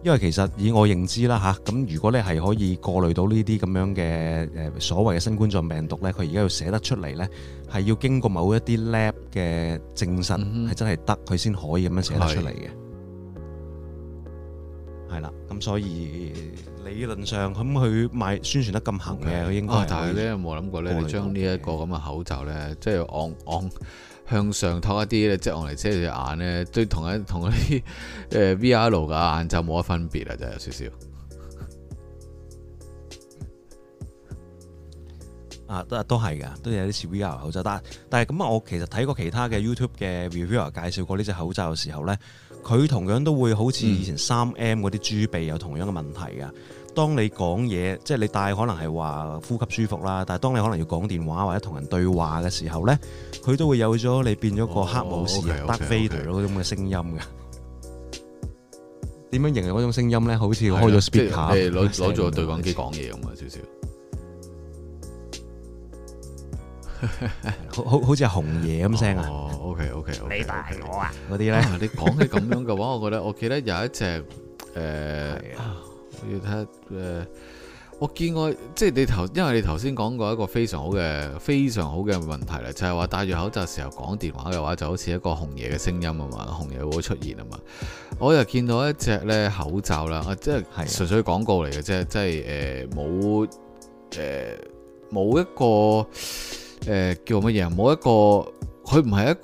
因為其實以我認知啦吓，咁如果你係可以過濾到呢啲咁樣嘅誒所謂嘅新冠狀病毒咧，佢而家要寫得出嚟咧，係要經過某一啲 lab 嘅證實係真係得，佢先可以咁樣寫得出嚟嘅。係啦，咁所以理論上咁佢賣宣傳得咁行嘅，佢應該。但係咧有冇諗過咧，將呢一個咁嘅口罩咧，即係按按。向上托一啲咧，即係我嚟遮隻眼咧，都同一同嗰啲誒 VR 佬嘅眼罩冇乜分別啦，就有少少。啊，都都係噶，都有啲似 VR 口罩，但係咁啊，但我其實睇過其他嘅 YouTube 嘅 reviewer 介紹過呢隻口罩嘅時候咧，佢同樣都會好似以前三 M 嗰啲豬鼻有同樣嘅問題嘅。嗯當你講嘢，即係你戴可能係話呼吸舒服啦，但係當你可能要講電話或者同人對話嘅時候咧，佢都會有咗你變咗個黑武士、Darth Vader 嗰種嘅聲音㗎。點樣形容嗰種聲音咧？好似開咗 speaker，攞攞住個對講機講嘢咁啊，少少。好好好似紅嘢咁聲啊！OK OK OK，你大我啊！嗰啲咧，你講起咁樣嘅話，我覺得我記得有一隻誒。要睇誒、呃，我見過即係你頭，因為你頭先講過一個非常好嘅、非常好嘅問題啦，就係、是、話戴住口罩時候講電話嘅話，就好似一個紅爺嘅聲音啊嘛，紅爺會出現啊嘛。我又見到一隻咧口罩啦，啊、呃，即係純粹廣告嚟嘅啫，是的即係誒冇誒冇一個誒、呃、叫乜嘢冇一個佢唔係一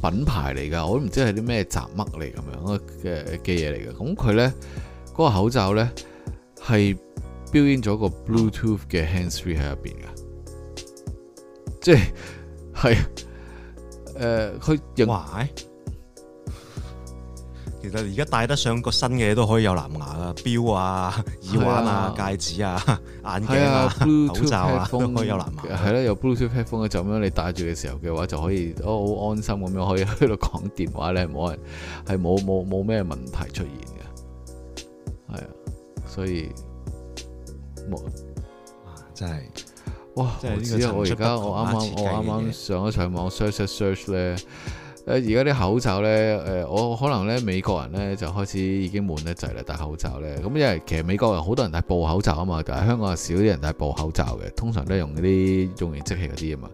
個品牌嚟噶，我都唔知係啲咩雜物嚟咁樣嘅嘅嘢嚟嘅，咁佢咧。嗰個口罩咧係 built in 咗個 Bluetooth 嘅 Handsfree 喺入邊噶，面嗯、即係誒佢。呃、哇！其實而家戴得上個新嘅都可以有藍牙噶，錶啊、耳環啊、啊戒指啊、眼鏡啊、啊口罩啊都可以有藍牙。係啦，有 Bluetooth Headphone 就咁樣你戴住嘅時候嘅話就可以哦好安心咁樣可以喺度講電話咧，冇人係冇冇冇咩問題出現。所以冇、啊，真係，哇！是我知我而家我啱啱我啱啱上一上網 search search 咧。誒而家啲口罩呢、呃，我可能呢美國人呢，就開始已經悶得滯啦，戴口罩呢。咁因為其實美國人好多人係戴布口罩啊嘛，但係香港少啲人戴布口罩嘅，通常都係用啲用完即棄嗰啲啊嘛。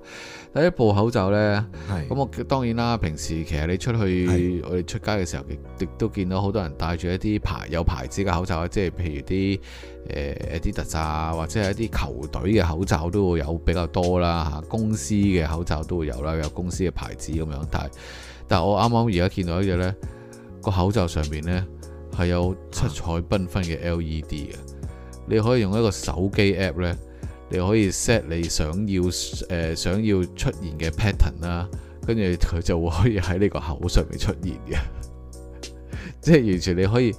一布口罩呢，咁是我當然啦，平時其實你出去是我哋出街嘅時候，亦都見到好多人戴住一啲牌有牌子嘅口罩，即係譬如啲誒一啲、呃、特紮，或者係一啲球隊嘅口罩都會有比較多啦嚇，公司嘅口罩都會有啦，有公司嘅牌子咁樣戴。但但我啱啱而家見到一樣呢個口罩上面呢，係有七彩繽紛嘅 LED 嘅，你可以用一個手機 app 呢，你可以 set 你想要誒、呃、想要出現嘅 pattern 啦，跟住佢就會可以喺呢個口罩上面出現嘅， 即係完全你可以，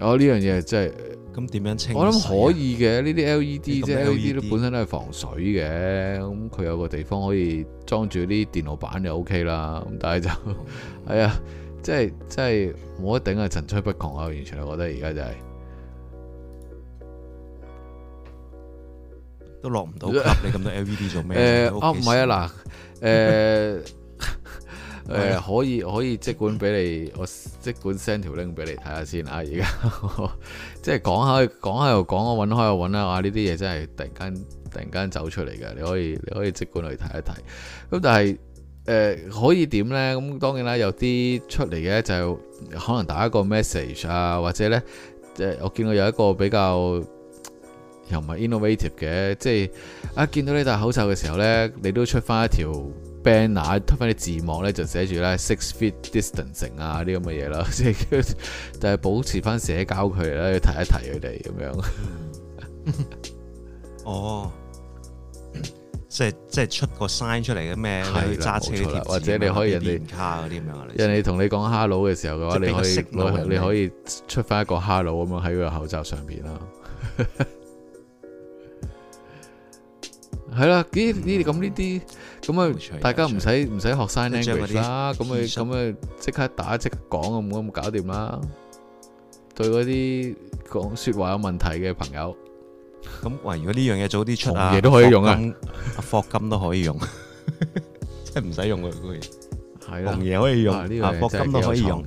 哦呢樣嘢真係～咁點樣清？我諗可以嘅，呢啲些 LED 即係，LED 都本身都係防水嘅。咁佢有個地方可以裝住啲電腦板就 OK 啦。咁但係就係啊，即係即係冇一頂係層出不窮啊！我完全係覺得而家就係、是、都落唔到你咁多 LED 做咩？誒、 呃，啊唔係啊，嗱、啊，誒。呃 誒、oh yeah. 呃、可以可以即管俾你，我即管 send 條 link 俾你睇下先啊！而家即係講下，講、就是、下、下又講，我揾開又揾啦。哇！呢啲嘢真係突然間，突然間走出嚟嘅，你可以你可以即管去睇一睇。咁但係誒、呃、可以點咧？咁當然啦，有啲出嚟嘅就可能打一個 message 啊，或者咧即、呃、我見到有一個比較又唔係 innovative 嘅，即係一見到呢戴口罩嘅時候咧，你都出翻一條。banner，托翻啲字幕咧就寫住咧 six feet distancing 啊啲咁嘅嘢啦。即係就係、是、保持翻社交佢啦，要提一提佢哋咁樣。嗯、 哦，即係即係出個 sign 出嚟嘅咩？揸的車，或者你可以人哋卡啲咁樣，人哋同你講 hello 嘅時候嘅話，你可以你可以出翻一個 hello 咁樣喺個口罩上邊啦。係 啦，呢啲咁呢啲。咁啊，大家唔使唔使學 sign 啦，咁啊咁啊，即刻打即刻講咁咁，搞掂啦。對嗰啲講説話有問題嘅朋友，咁哇！如果呢樣嘢早啲出啊，紅嘢都可以用啊，阿霍金都可以用，即係唔使用嗰個嘢，紅嘢可以用，阿霍金都可以用。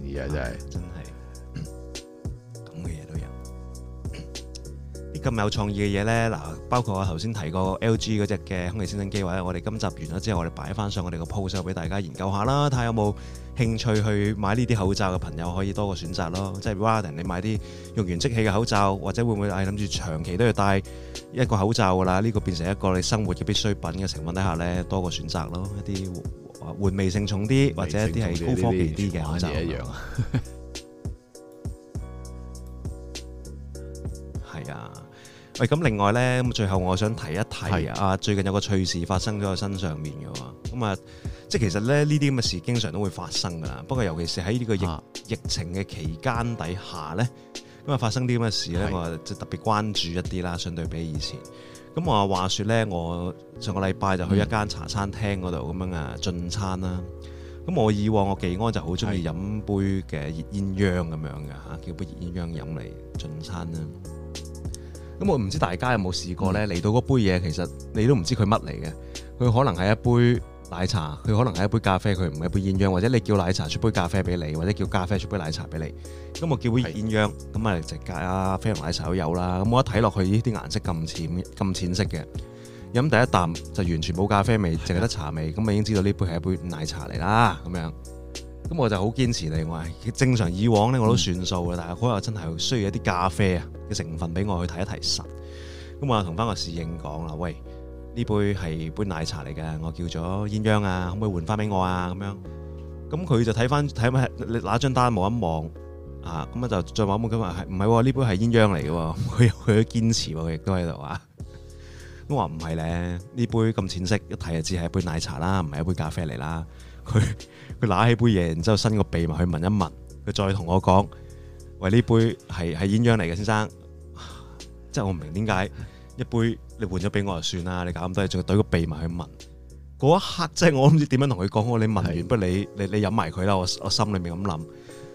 咁有創意嘅嘢呢，嗱，包括我頭先提過 LG 嗰隻嘅空氣清新機位，我哋今集完咗之後，我哋擺翻上我哋個 post 俾大家研究下啦，睇下有冇興趣去買呢啲口罩嘅朋友可以多個選擇咯。即係哇，人你買啲用完即棄嘅口罩，或者會唔會係諗住長期都要戴一個口罩㗎啦？呢、這個變成一個你生活嘅必需品嘅成分底下呢，多個選擇咯，一啲換味性重啲或者一啲係高科技啲嘅口罩。 喂，咁另外呢，咁最後我想提一提是啊，最近有個趣事發生咗喺身上面嘅喎，咁啊，即係其實咧呢啲咁嘅事經常都會發生噶啦，不過尤其是喺呢個疫、啊、疫情嘅期間底下呢，咁啊發生啲咁嘅事呢，是我即特別關注一啲啦，相對比以前。咁啊話說呢，我上個禮拜就去一間茶餐廳嗰度咁樣啊進餐啦。咁我以往我寄安就好中意飲杯嘅熱鴛鴦咁樣嘅叫杯熱鴛鴦飲嚟進餐啦。咁我唔知大家有冇試過呢。嚟到嗰杯嘢，其實你都唔知佢乜嚟嘅，佢可能係一杯奶茶，佢可能係一杯咖啡，佢唔係一杯鴛鴦，或者你叫奶茶出杯咖啡俾你，或者叫咖啡出杯奶茶俾你，咁我叫杯鴛鴦，咁啊是的，直介啊，啡同奶茶都有啦。咁我一睇落去，呢啲顏色咁淺，咁淺色嘅，飲第一啖就完全冇咖啡味，淨係得茶味，咁我已經知道呢杯係一杯奶茶嚟啦，咁樣。咁我就好堅持你我係正常以往咧，我都算數嘅。嗯，但係嗰日真係需要一啲咖啡啊嘅成分俾我去提一提神。咁我同翻個侍應講啦，喂，呢杯係杯奶茶嚟嘅，我叫咗鴛鴦啊，可唔可以換翻俾我啊？咁樣，咁佢就睇翻睇乜，你拿張單望一望啊，咁啊就再問一問佢話唔係呢杯係鴛鴦嚟嘅？佢佢都堅持喎，啊，佢亦都喺度話，我話唔係咧，呢杯咁淺色一睇就知係一杯奶茶啦，唔係一杯咖啡嚟啦，佢。佢拿起杯嘢，然之後伸個鼻埋去聞一聞，佢再同我講：喂，呢杯係係鴛鴦嚟嘅，先生。即係我唔明點解一杯你換咗俾我就算啦，你搞咁多，仲要懟個鼻埋去聞。嗰一刻即係我唔知點樣同佢講。我他你聞完，的不如你你你飲埋佢啦。我我心裏面咁諗。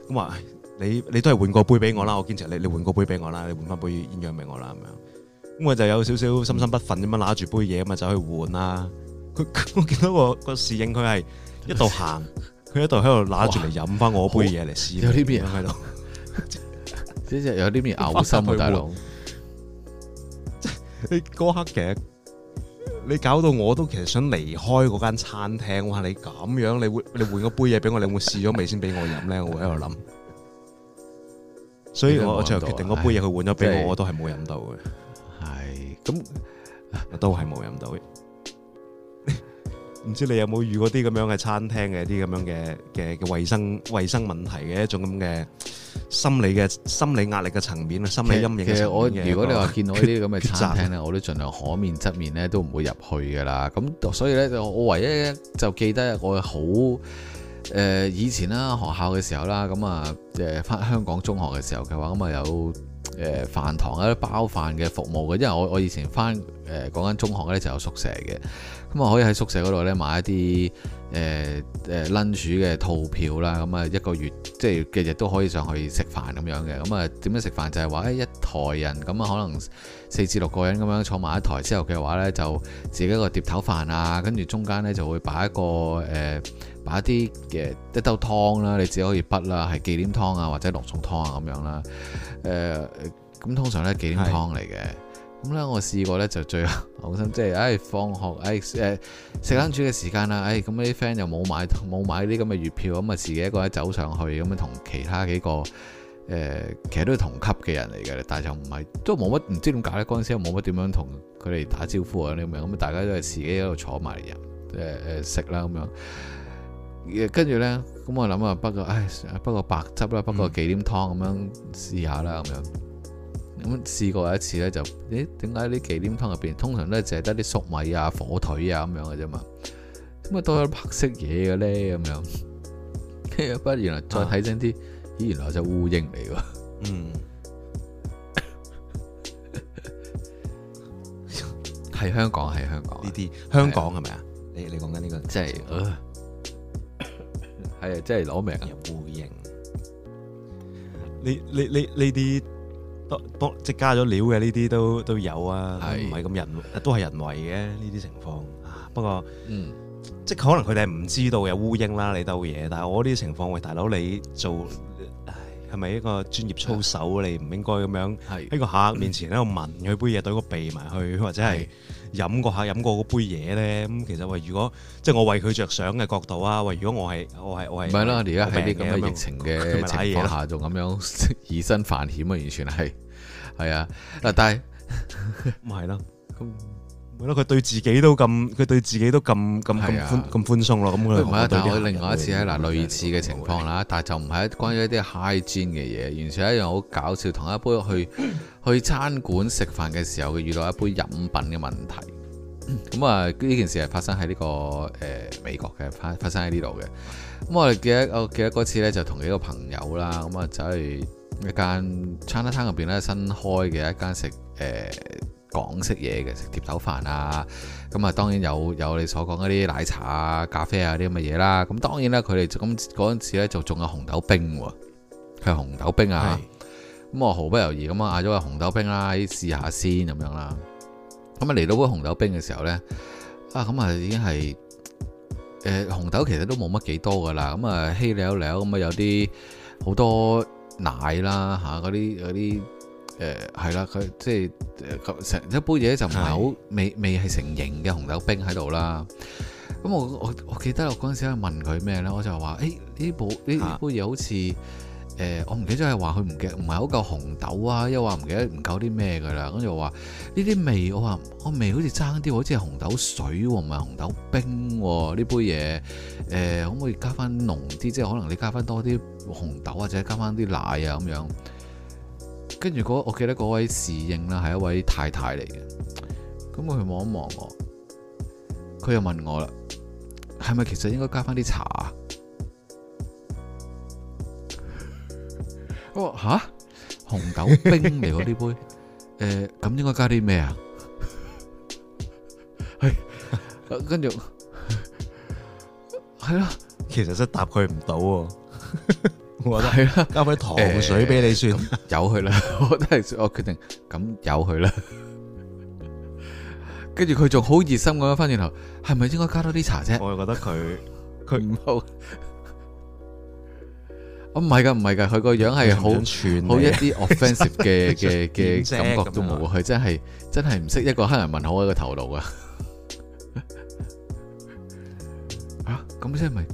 咁話你你都係換個杯俾我啦。我堅持你你換個杯俾我啦。你換翻杯鴛鴦俾我啦咁樣。咁我就有少少心心不憤咁樣揦住杯嘢咁啊走去換啦。佢我見到個個侍應佢係一度行。 佢喺度喺度攞住嚟飲翻我杯嘢嚟試，有呢嘢，喺度，呢隻 有啲咩嘔心啊 有大佬哥， 你嗰刻嘅，你搞到我都其實想離開嗰間餐廳。哇！你咁樣，你會你換個杯嘢俾我，你有冇試咗味先俾我飲咧？我會喺度諗。所以，我最後決定嗰杯嘢佢換咗俾我，我唉都係冇飲到嘅。係唉，咁唉都係冇飲到。唔知你有冇遇過啲咁樣嘅餐廳嘅啲咁樣嘅嘅嘅衞生衞生問題嘅一種咁嘅心理嘅心理壓力嘅層面其心理陰影。其實我如果你話見到呢啲咁嘅餐廳咧，必我都盡量可面側面咧都唔會入去㗎啦。咁所以咧，我唯一就記得我好誒、呃、以前啦、啊，學校嘅時候啦、啊，咁啊誒翻香港中學嘅時候嘅話，咁、嗯、啊有誒飯堂咧包飯嘅服務嘅，因為我我以前翻誒講緊中學咧就有宿舍嘅。咁啊，我可以喺宿舍嗰度咧買一啲誒誒 lunch 嘅套票啦，咁啊一個月即係日日都可以上去食飯咁樣嘅。咁啊點樣食飯就係話誒一枱人咁啊，可能四至六個人咁樣坐埋一枱之後嘅話呢，就自己一個碟頭飯啊，跟住中間呢，就會擺一個誒，擺一啲嘅一兜湯啦。你只可以骨啦，係忌廉湯啊，或者羅宋湯啊咁樣啦。誒、呃、咁通常呢，忌廉湯嚟嘅。咁咧，我試過咧就最後心即係，唉、就是哎，放學，唉、哎，誒食冷煮嘅時間啦，唉、哎，咁啲 friend 又冇買冇買啲咁嘅月票，咁咪自己一個人走上去，咁樣同其他幾個誒、呃，其實都係同級嘅人嚟嘅，但係就唔係都冇乜，唔知點解咧？嗰陣時又冇乜點樣同佢哋打招呼啊。咁樣，咁大家都係自己喺度坐埋嚟誒誒食啦，咁、呃呃、樣。跟住咧，咁我諗啊，不過唉，不、哎、過白汁啦，不過忌廉湯咁樣試下啦，咁樣、嗯。咁試過有一次咧，就誒點解啲忌廉湯入邊通常都係淨係得啲粟米啊、火腿啊咁樣嘅啫嘛，咁啊都有白色嘢嘅咧咁樣，跟住、啊、不如、啊、原來再睇真啲，咦，原來隻烏蠅嚟喎。嗯，係 香港係香港呢啲香港係咪啊？你你講緊呢個即係，係啊，即係攞命啊烏蠅，呢呢呢呢啲。不幫即係加咗料嘅呢啲都都有啊，唔係咁人，都係人為嘅呢啲情況。不過，嗯，即係可能佢哋唔知道有烏蠅啦，你兜嘢。但係我呢啲情況，喂大佬，你做係咪一個專業操守？是你唔應該咁樣喺個是客面前喺度聞佢杯嘢，對個鼻埋去，或者係。飲過下飲過嗰杯嘢咧，咁其實如果即係我為佢着想嘅角度啊，如果我係我係我係唔係啦？而家喺啲咁嘅疫情嘅情況下，仲咁樣以身犯險啊，完全係係啊！嗱，但係唔係咯？佢對自己都咁，佢對自己都咁咁咁寬咁鬆咯，咁佢又唔另外一次咧，嗱，類似嘅情況啦，況但係就唔係關於一啲 hygiene 嘅嘢，完全係一樣好搞笑。同一杯去 去餐館食飯嘅時候，佢遇到一杯飲品嘅問題。咁啊，呢件事係發生喺呢、呢個誒、呃、美國嘅，發生喺呢度嘅。咁我哋記得我記得嗰次呢，就同幾個朋友啦，咁啊走去一間餐一餐入邊呢新開嘅一間食誒。呃港式嘢嘅食碟頭飯啊，咁啊當然有有你所講嗰啲奶茶啊、咖啡啊啲咁嘅嘢啦，咁當然啦佢哋咁嗰陣時咧就仲有紅豆冰喎，係紅豆冰啊，咁、啊是嗯、我毫不猶豫咁啊嗌咗個紅豆冰啦、啊，試下先咁樣啦，咁啊嚟到杯個紅豆冰嘅時候咧，啊咁啊、嗯、已經係誒、呃、紅豆其實都冇乜幾多噶啦，咁、嗯、啊稀溜溜咁啊有啲好多奶啦嚇啲嗰啲。啊誒係啦，佢、呃、即係成一杯嘢就唔係好味，味係成型嘅紅豆冰喺度啦。咁我我我記得我嗰陣時喺度問佢咩咧，我就話：誒、欸、呢杯呢杯嘢好似誒、呃、我唔記，記得係話佢唔嘅，唔係好夠紅豆啊，又話唔記得唔夠啲咩㗎啦。咁就話呢啲味，我話我味好似爭啲好似係紅豆水喎、啊，唔係紅豆冰喎、啊。呢杯嘢誒、呃、可唔可以加翻濃啲？即係可能你加翻多啲紅豆或者加翻啲奶啊咁樣。跟住嗰，我記得嗰位侍應啦，係一位太太嚟嘅。咁我去望一望我，佢又問我啦，係咪其實應該加翻啲茶、哦、啊？我話吓，紅豆冰嚟嗰呢杯， 誒，咁應該加啲咩啊？係、 哎，跟住係咯，其實真答佢唔到。 我覺得係啦，加杯糖水俾你算，由佢啦。我都係，我決定咁由佢啦。跟住佢仲好熱心咁翻轉頭，係咪應該加多啲茶啫？我又覺得佢佢唔好，我唔係噶，唔係噶，佢個樣係好串，好一啲 offensive 嘅嘅嘅感覺都冇，佢真係真係唔識一個黑人問好一個頭腦啊！吓，咁即係咪？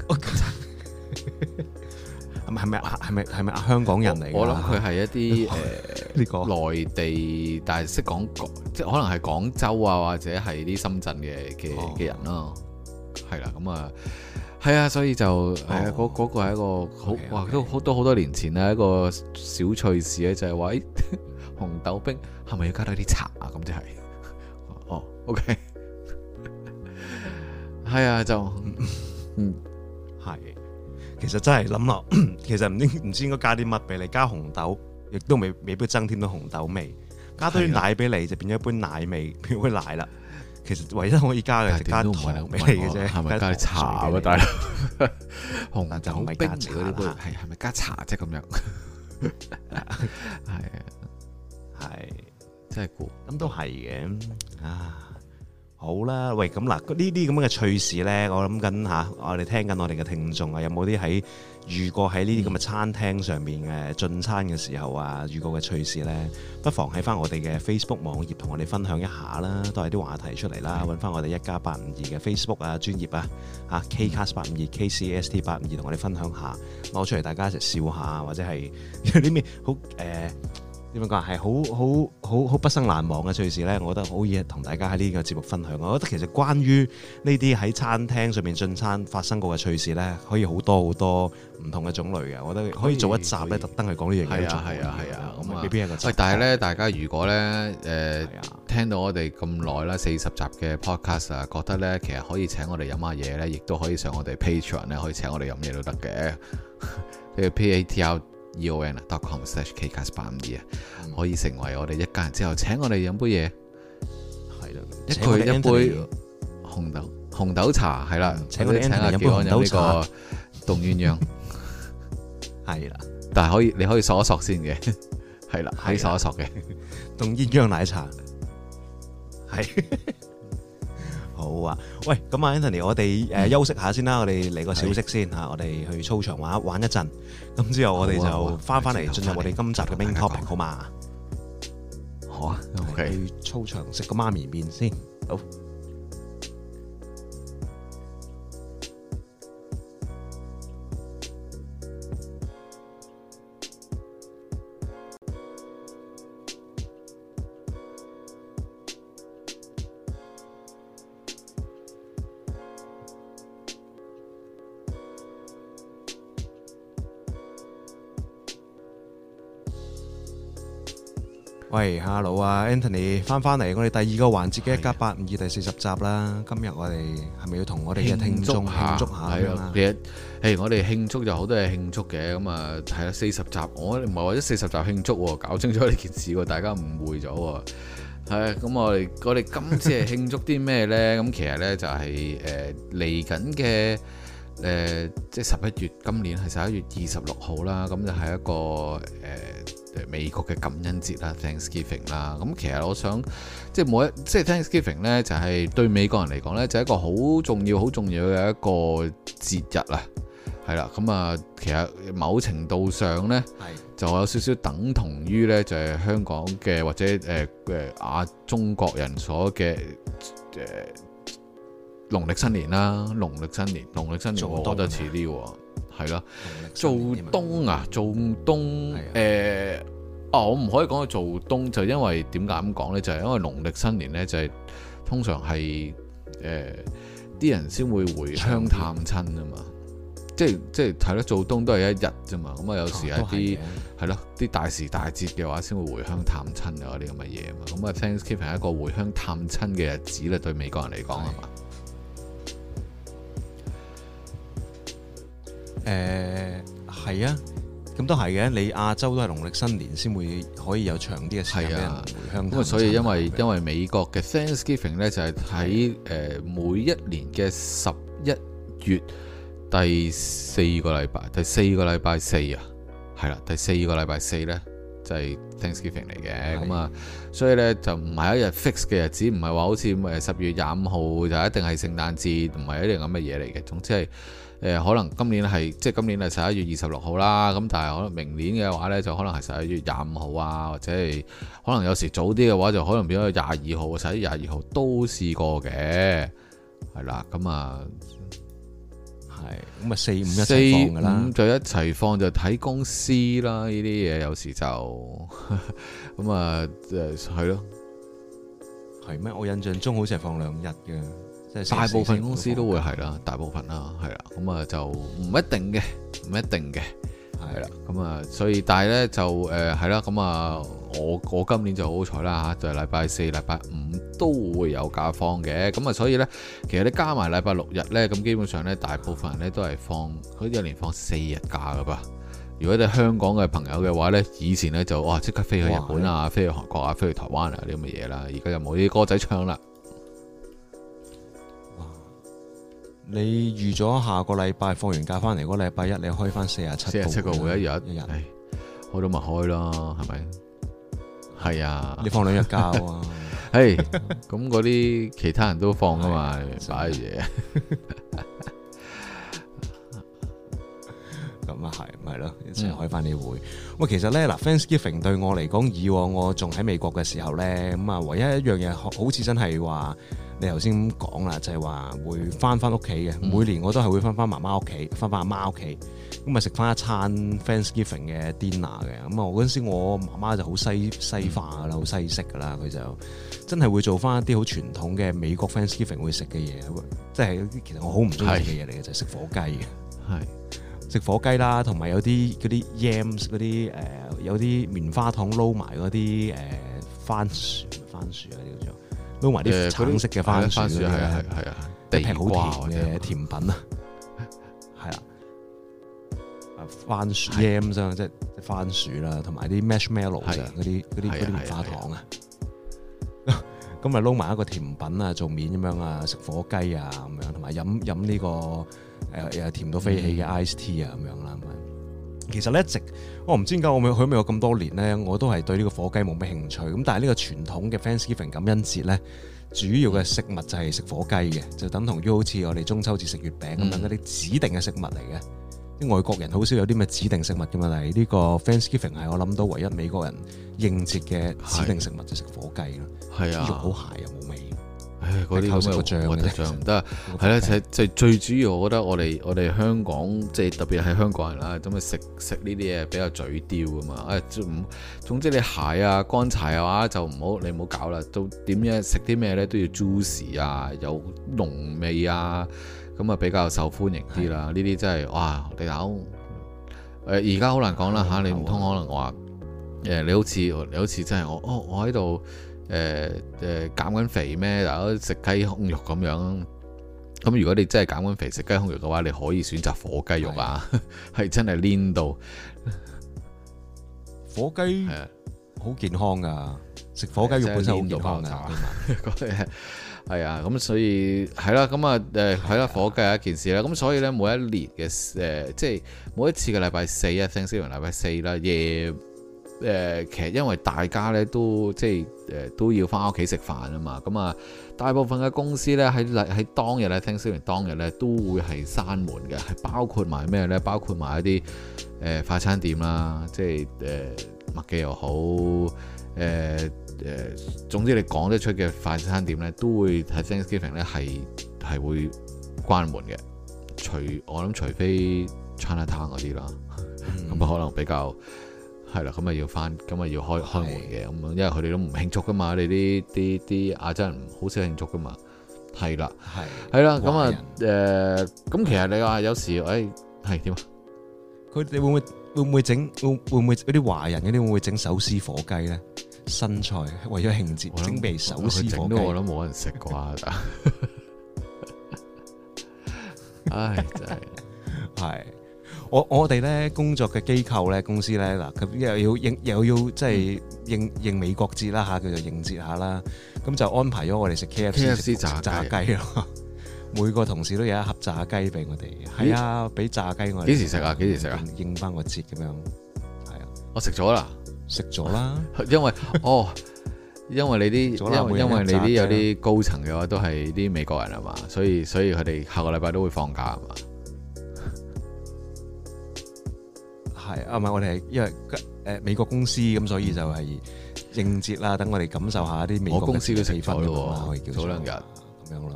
唔係咪啊，係咪，係咪啊香港人嚟？我諗佢係一啲誒呢個內地，但係識講廣，即係可能係廣州啊，或者係啲深圳嘅嘅嘅人咯。係啦，咁啊，係、哦嗯、啊，所以就誒嗰嗰個係一個好哇，都好多好多年前啦，一個小趣事咧，alright, 就係話紅豆冰係咪要加多啲茶啊？咁即係哦，OK，係啊，就嗯係。其實真係諗落，其實唔知唔知應該加啲乜俾你。加紅豆，亦都未未必增添到紅豆味。加堆奶俾你，就變咗一杯奶味變杯奶啦。其實唯一可以加嘅，加糖俾你嘅啫。係咪加茶啊大佬？紅豆加茶係係咪加茶啫咁樣？係啊，係真係固，咁都係嘅啊。好啦，喂，咁嗱，呢啲咁嘅趣事呢，我諗緊吓，我哋聽緊我哋嘅聽眾啊，有冇啲喺遇過喺呢啲咁嘅餐廳上面嘅進餐嘅時候啊，遇過嘅趣事呢，不妨喺翻我哋嘅 Facebook 網頁同我哋分享一下啦，都係啲話題出嚟啦，揾翻的我哋一家八五二嘅 Facebook 啊，專頁啊，啊 KCast 八五二，KCST 八五二，同我哋分享下，攞出嚟大家一齊笑下，或者係有啲咩好誒？點樣講係好好好好不生難忘嘅趣事呢。我覺得可以同大家喺呢個節目分享。我覺得其實關於呢啲喺餐廳上面進餐發生過嘅趣事呢，可以好多好多唔同嘅種類嘅。我覺得可以做一集呢特登去講呢樣嘢。係啊係啊係啊！咁未必係，但係呢，大家如果呢，誒、呃、聽到我哋咁耐啦，四十集嘅 podcast 啊，覺得呢，其實可以請我哋飲下嘢呢，亦都可以上我哋 Patreon 咧，可以請我哋飲嘢都得嘅。 p a t、r E.O.N. dot com slash K 加 S 八五 D 啊，可以成為我哋一家人之後請我哋飲杯嘢，係啦，一杯一杯紅豆紅豆茶係啦，請我哋請阿健哥飲呢個凍鴛鴦，係啦，但係可以你可以索一索先嘅，係啦，可以索一索嘅凍鴛鴦奶茶，係。好啊，喂，咁啊，Anthony，我哋誒休息下先啦，嗯、我哋嚟個小息先嚇，是我哋去操場玩玩一陣，咁之後我哋就翻翻嚟進入我哋今集嘅 Main topic 好嘛、啊？好啊，OK，去操場食個媽咪麵先，好、啊。好啊好啊。喂，哈嘍啊，Anthony，翻翻嚟，我哋第二個環節嘅一家八五二第四十集啦。今日我哋係咪要同我哋嘅聽眾慶祝下？係啊，其實係，我哋慶祝就好多嘢慶祝嘅。咁啊，係啊，四十集，我唔係話咗四十集慶祝喎，搞清楚呢件事，大家誤會咗。係啊，咁我哋我哋今次係慶祝啲咩咧？咁 其實咧就係誒嚟緊嘅誒，即係十一月，今年係十一月二十六號啦。咁就係一個誒。呃美國嘅感恩節啦，Thanksgiving 啦，咁其實我想即係每一即係 Thanksgiving 咧，就係對美國人嚟講咧，就係一個好重要、好重要嘅一個節日啊，係啦，咁啊，其實某程度上咧，就有少少等同於咧，就係香港嘅或者誒誒亞中國人所嘅誒農曆新年啦，農曆新年、農曆新年好多我得似啲喎。係咯，做冬啊，做冬誒，啊的、呃哦、我唔可以講佢做冬，就因為點解咁講咧？就係、是、因為農曆新年咧，就係、是、通常係誒啲人先會回鄉探親啊嘛，天即係即係，係咯，做冬都係一日啫嘛，咁啊有時係啲係咯，啲大時大節嘅話，先會回鄉探親啊啲咁嘅嘢嘛，咁啊 Thanksgiving 係一個回鄉探親嘅日子啦，對美國人嚟講係嘛。誒係、呃、啊，咁都係嘅。你亞洲都係農曆新年先會可以有長啲嘅時間俾人回、啊、鄉。咁啊，所以因為因為美國嘅 Thanksgiving 呢，就係喺誒每一年嘅十一月第四個禮拜，的第四個禮拜四啊，係啦，第四個禮拜四呢，就係、是、Thanksgiving 嚟嘅。咁的啊，所以呢，就唔係一日 fix 嘅日子，唔係話好似誒十月廿五號就一定係聖誕節，唔係一定咁嘅嘢嚟嘅。總之係。誒可能今年係即係今年係十一月二十六號啦，咁但係可能明年嘅話呢，就可能係十一月廿五號啊，或者係可能有時早啲嘅話，就可能變咗廿二號，十一月廿二號都試過嘅，係啦，咁、嗯、啊，係咁啊，四五一齊放㗎啦。四，五就一齊放，就睇公司啦，呢啲嘢有時就咁啊，誒係咯，係咩？我印象中好似係放兩日嘅。大部分公司都會係啦，大部分啦，係啦，咁啊就唔一定嘅，唔一定嘅，係啦，咁啊，所以但係呢，就誒係啦，咁、呃、啊我我今年就好彩啦嚇，就係禮拜四、禮拜五都會有假放嘅，咁啊所以呢，其實你加埋禮拜六日呢，咁基本上呢，大部分人呢都係放，佢一年放四日假噶噃。如果你係香港嘅朋友嘅話呢，以前呢就哇即刻飛去日本啊，哇飛去韓國啊，飛去台灣啊啲咁嘅嘢啦，而家就冇啲歌仔唱啦。你預咗下個禮拜放完假翻嚟嗰個禮拜一，你開翻四十七個，四十七個會一日一日，開都咪開咯，係咪？係啊，你放兩日假啊？係，咁嗰啲其他人都放噶嘛，擺嘢。咁啊，係咪咯？一齊開翻啲會。咁其實咧嗱，Thanksgiving 對我嚟講，以往我仲喺美國嘅時候咧，咁啊，唯一一樣嘢好似真係話。你頭先咁講啦，就係話會翻翻屋企嘅，每年我都係會翻翻媽媽屋企，翻翻阿媽屋企，咁啊食翻一餐 Thanksgiving 嘅 dinner 嘅。咁啊，我嗰陣時我媽媽就好西西化噶啦，好西式噶啦，佢就真係會做翻一啲好傳統嘅美國 Thanksgiving 會食嘅嘢。即係其實我好唔中意食嘅嘢嚟嘅，就係食火雞嘅。係食是是 火雞啦，同埋有啲嗰啲 yams 嗰啲誒，有啲棉花糖撈埋嗰啲誒番薯、番薯啊撈埋啲橙色嘅番薯啊，係係係啊，啲劈好甜嘅甜品啊，係啊，啊番薯 Yam 啫，番薯啦，同埋啲 Marshmallow 嗰啲嗰啲啲棉花糖啊，咁咪撈埋一個甜品啊，做面咁樣啊，食火雞啊咁樣，同埋飲飲呢個誒又甜到飛起嘅 Ice Tea 啊咁樣啦。其實咧一直我唔知點解我未去美國咁多年咧，我都係對呢個火雞冇咩興趣。咁但係呢個傳統嘅 Thanksgiving 感恩節咧，主要嘅食物就係食火雞嘅，就等同於好似我哋中秋節食月餅咁樣嗰啲指定嘅食物嚟嘅。啲外國人好少有啲咩指定食物嘅嘛，例如呢個 Thanksgiving 係我諗到唯一美國人應節嘅指定食物就食火雞咯，係啊的，肉好柴又冇味。嗰啲好咩？我得獎唔得啊？係啦，就就最主要，我覺得我哋我哋香港，即係特別係香港人啦，咁啊食食呢啲嘢比較嘴刁㗎嘛。誒、哎，唔，總之你鞋啊、乾柴啊，就唔好你唔好搞啦。都點樣食啲咩咧，都，都要 juicy 啊，有濃味啊，咁啊比較受歡迎啲啦。呢啲的真係哇，你好誒，而家好難講啦吓。哦、你唔通可能話誒、嗯，你好似你好似真係我哦，我喺度。誒誒，減緊肥咩？嗱，食雞胸肉咁樣。咁如果你真係減緊肥，食雞胸肉嘅話，你可以選擇火雞肉啊，係真係黏到。火雞好健康噶，食火雞肉本身好健康噶。係啊，咁所以係啦，咁啊，誒，係啦，火雞係一件事啦。咁所以咧，每一年嘅誒，即係每一次嘅禮拜四啊，星期五禮拜四啦，夜。呃、其實因為大家咧都即係、呃、都要翻屋企食飯啊嘛，咁啊，大部分嘅公司咧喺喺當日咧 Thanksgiving 當日咧都會係閂門嘅，係包括埋咩咧？包括埋一啲誒快餐店啦，即係麥、呃、記又好，誒、呃呃、總之你講得出嘅快餐店咧都會係 Thanksgiving 咧係係會關門嘅，除我諗除非 China Town 嗰啲啦，咁、嗯、 可能比較。係啦，咁啊要翻，咁啊要開開門嘅，咁因為佢哋都唔慶祝噶嘛，你啲啲啲亞洲人好少慶祝噶嘛，係啦，係係啦，咁啊，誒，咁其實你話有時，誒，係點啊？佢哋會唔會會唔會整，會會唔會嗰啲華人嗰啲會唔會整手撕火雞咧？新菜為咗慶節，準備手撕火雞，我諗冇人食啩。唉，真係，係。我我哋咧工作嘅機構咧公司咧嗱，佢又要應又要即係應應美國節啦嚇，叫做應節下啦。咁就安排咗我哋食 KFC 炸雞炸雞咯。 每個同事都有一盒炸雞俾我哋。係咦啊，俾炸雞我哋。幾時食啊？幾時食啊？應翻個節咁樣。係啊。我食咗啦。食咗啦。 因為哦，因為你啲 因為你因為你啲有啲高層嘅話都係啲美國人啊嘛，所以所以佢哋下個禮拜都會放假啊嘛。係啊，唔係我哋係因為誒美國公司咁，所以就係應節啦，等我哋感受下啲美國我公司嘅色彩喎。早兩日咁樣咯，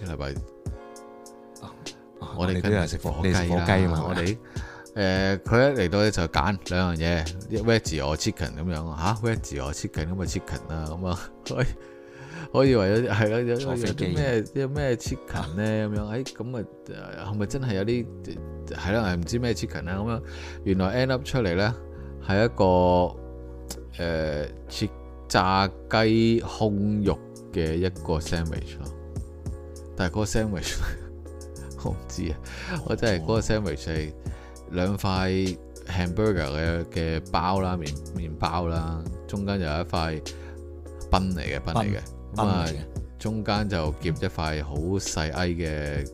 一嚟為、啊啊、我哋今日食火雞嘛。我哋誒佢一嚟到咧就揀兩樣嘢 wedge 我 chicken 咁樣嚇，wedge 我 chicken 咁啊，chicken 啊咁啊，喂、啊！啊啊啊啊我以為話有啲係啦，有啲咩啲咩 chicken 咧咁樣，誒咁啊，係咪真係有啲係啦？唔知咩 c c h chicken 啊咁樣，原來 end up 出嚟咧係一個誒切、呃、炸雞胸肉嘅一個 sandwich，但係嗰個 sandwich 我唔知啊，哦、我真係嗰、哦、個 sandwich 係兩塊 hamburger 嘅嘅包啦，麵麵包啦，中間有一塊 bun 嚟嘅 bun 嚟嘅。嗯咁啊，嗯、中間就夾一塊好細埃嘅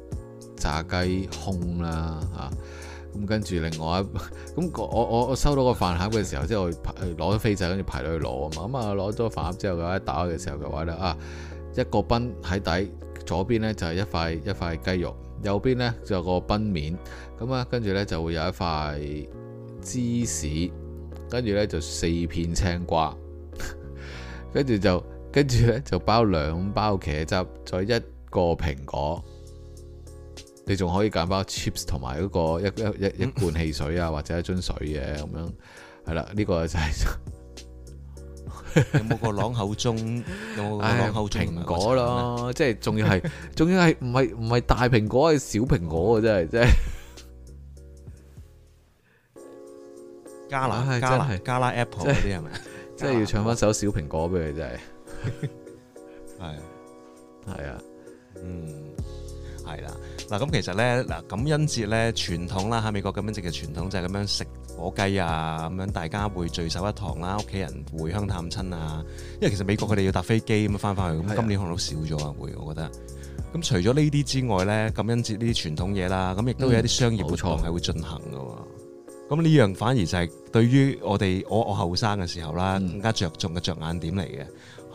炸雞胸啦嚇，咁跟住另外一，咁我我我收到個飯盒嘅時候，即係我攞咗飛仔，跟住排隊去攞啊嘛，咁啊攞咗飯盒之後嘅話，一打開嘅時候嘅話咧啊，一個 bun 喺底，左邊咧就係一塊一塊雞肉，右邊咧就個 bun 面，咁啊跟住咧就會有一塊芝士，跟住咧就四片青瓜，跟住就。跟住咧就包兩包茄汁，再一個蘋果，你仲可以揀包 chips 同埋嗰個一一一罐汽水啊，或者一樽水嘅咁樣，係啦，呢個就係有冇個朗口中，有冇個朗口中蘋果咯？即係仲要係，仲要係唔係唔係大蘋果係小蘋果啊！真係真係，加拿加拿加拿 Apple 嗰啲係咪？即係要唱翻首《小蘋果》俾你，真係。係，係 啊，係啊嗯，係啦、啊。嗱，咁其實咧，嗱感恩節咧，傳統啦，喺美國感恩節嘅傳統就係咁樣食火雞啊，咁樣大家會聚首一堂啦，屋企人回鄉探親啊。因為其實美國佢哋要搭飛機咁樣翻翻去，咁、啊、今年可能都少咗啊會，我覺得。咁除咗呢啲之外咧，感恩節呢啲傳統嘢啦，咁亦都有一啲商業活動係會進行㗎。咁呢、嗯、樣反而就係對於我哋我我後生嘅時候啦，嗯、更加着重嘅着眼點嚟嘅。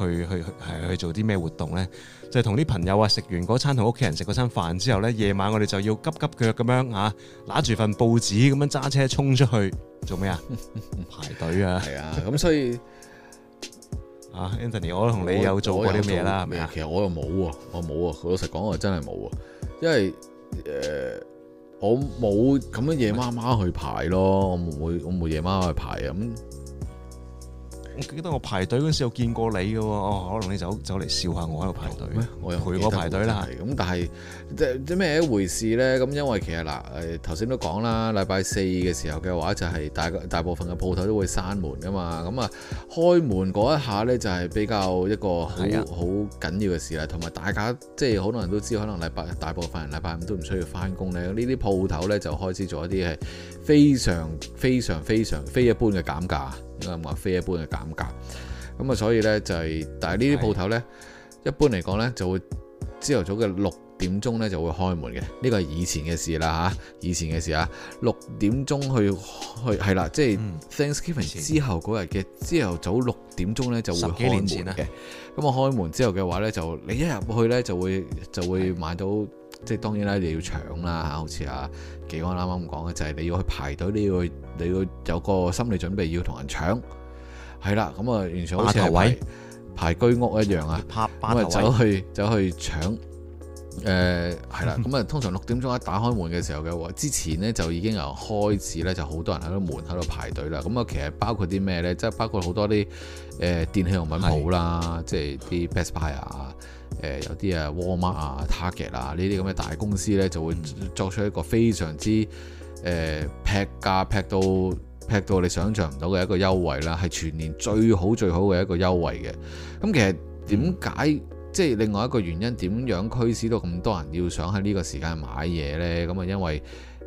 去去去係去做啲咩活動咧？就係同啲朋友啊，食完嗰餐同屋企人食嗰餐飯之後咧，夜晚我哋就要急急腳咁樣嚇，揦住份報紙咁樣揸車衝出去做咩啊？排隊啊！係 啊，咁所以啊，Anthony，我同你我有做過啲咩啦？係咪啊？是是其實我又冇喎，我冇喎，老實講我真係冇喎，因為誒、呃、我冇咁樣夜媽媽去排咯是，我冇我冇夜媽媽去排啊咁。記得我排隊嗰時又見過你㗎喎，哦，可能你走走嚟笑下我喺度排隊。咩？我又去我排隊啦。咁但係即即咩一回事呢？咁因為其實嗱，誒頭先都講啦，禮拜四嘅時候嘅話就係、係、大大部分嘅鋪頭都會閂門嘅嘛。咁啊，開門嗰一下呢，就係比較一個好好緊要嘅事啦。同埋大家即係好多人都知，可能禮拜日大部分禮拜五都唔需要翻工呢。呢啲鋪頭呢，就開始做一啲係。非常非常非常非一般嘅減價，應該話非一般嘅減價，咁啊，所以、就是、是呢，就係，但係呢啲鋪頭呢，一般嚟講呢，就會朝頭早嘅六點鐘呢就會開門嘅，呢、呢個係以前嘅事啦嚇，以前嘅事啊，六點鐘去去係啦，即係 Thanksgiving 之後嗰日嘅朝頭早六點鐘呢就會開門嘅，咁、啊、我開門之後嘅話呢，就你一入去呢，就會就會買到。即係當然啦，你要搶啦嚇，好似阿幾安啱啱講嘅，就係、是、你要去排隊，你要你要有個心理準備要跟人搶，要同人搶，係啦，咁、嗯、啊，完全好似排，排居屋一樣啊，排排頭位，走去走去搶，誒、呃、係啦，咁、嗯、啊，通常六點鐘一打開門嘅時候嘅話， 之前呢就已經由開始咧就好多人喺度門喺度排隊啦，咁、嗯、啊其實包括啲咩呢？即係包括好多啲誒、呃、電器用品鋪啦，是即係啲 Best Buy 誒、呃、有啲啊 Walmart 啊，Target 啊，呢啲咁嘅大公司呢，就會作出一個非常之誒劈價，劈到劈到你想象唔到嘅一個優惠啦，係全年最好最好嘅一個優惠嘅。咁其實點解即係另外一個原因？點樣驅使到咁多人要想喺呢個時間買嘢呢？咁啊，因為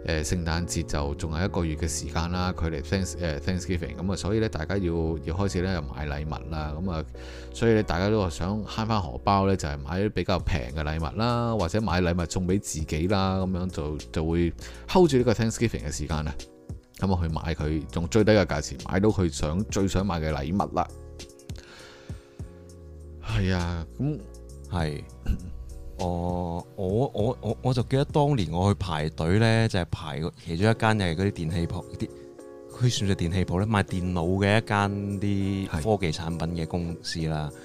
誒聖誕節就仲有一個月嘅時間啦，佢哋 thanks、呃、Thanksgiving 咁啊，所以咧大家要要開始咧又買禮物啦，咁啊，所以咧大家都話想慳返荷包咧，就係、是、買啲比較平嘅禮物啦，或者買禮物送俾自己啦，咁樣就就會 hold 住呢個 Thanksgiving 嘅時間啊，咁啊去買佢，仲最低嘅價錢買到佢想最想買嘅禮物啦。係啊，咁係。Uh, 我我我我我就記得當年我去排隊呢，就係、是、排其中一間就係嗰啲電器鋪啲，佢算唔算電器鋪呢？賣電腦嘅一間啲科技產品嘅公司啦，是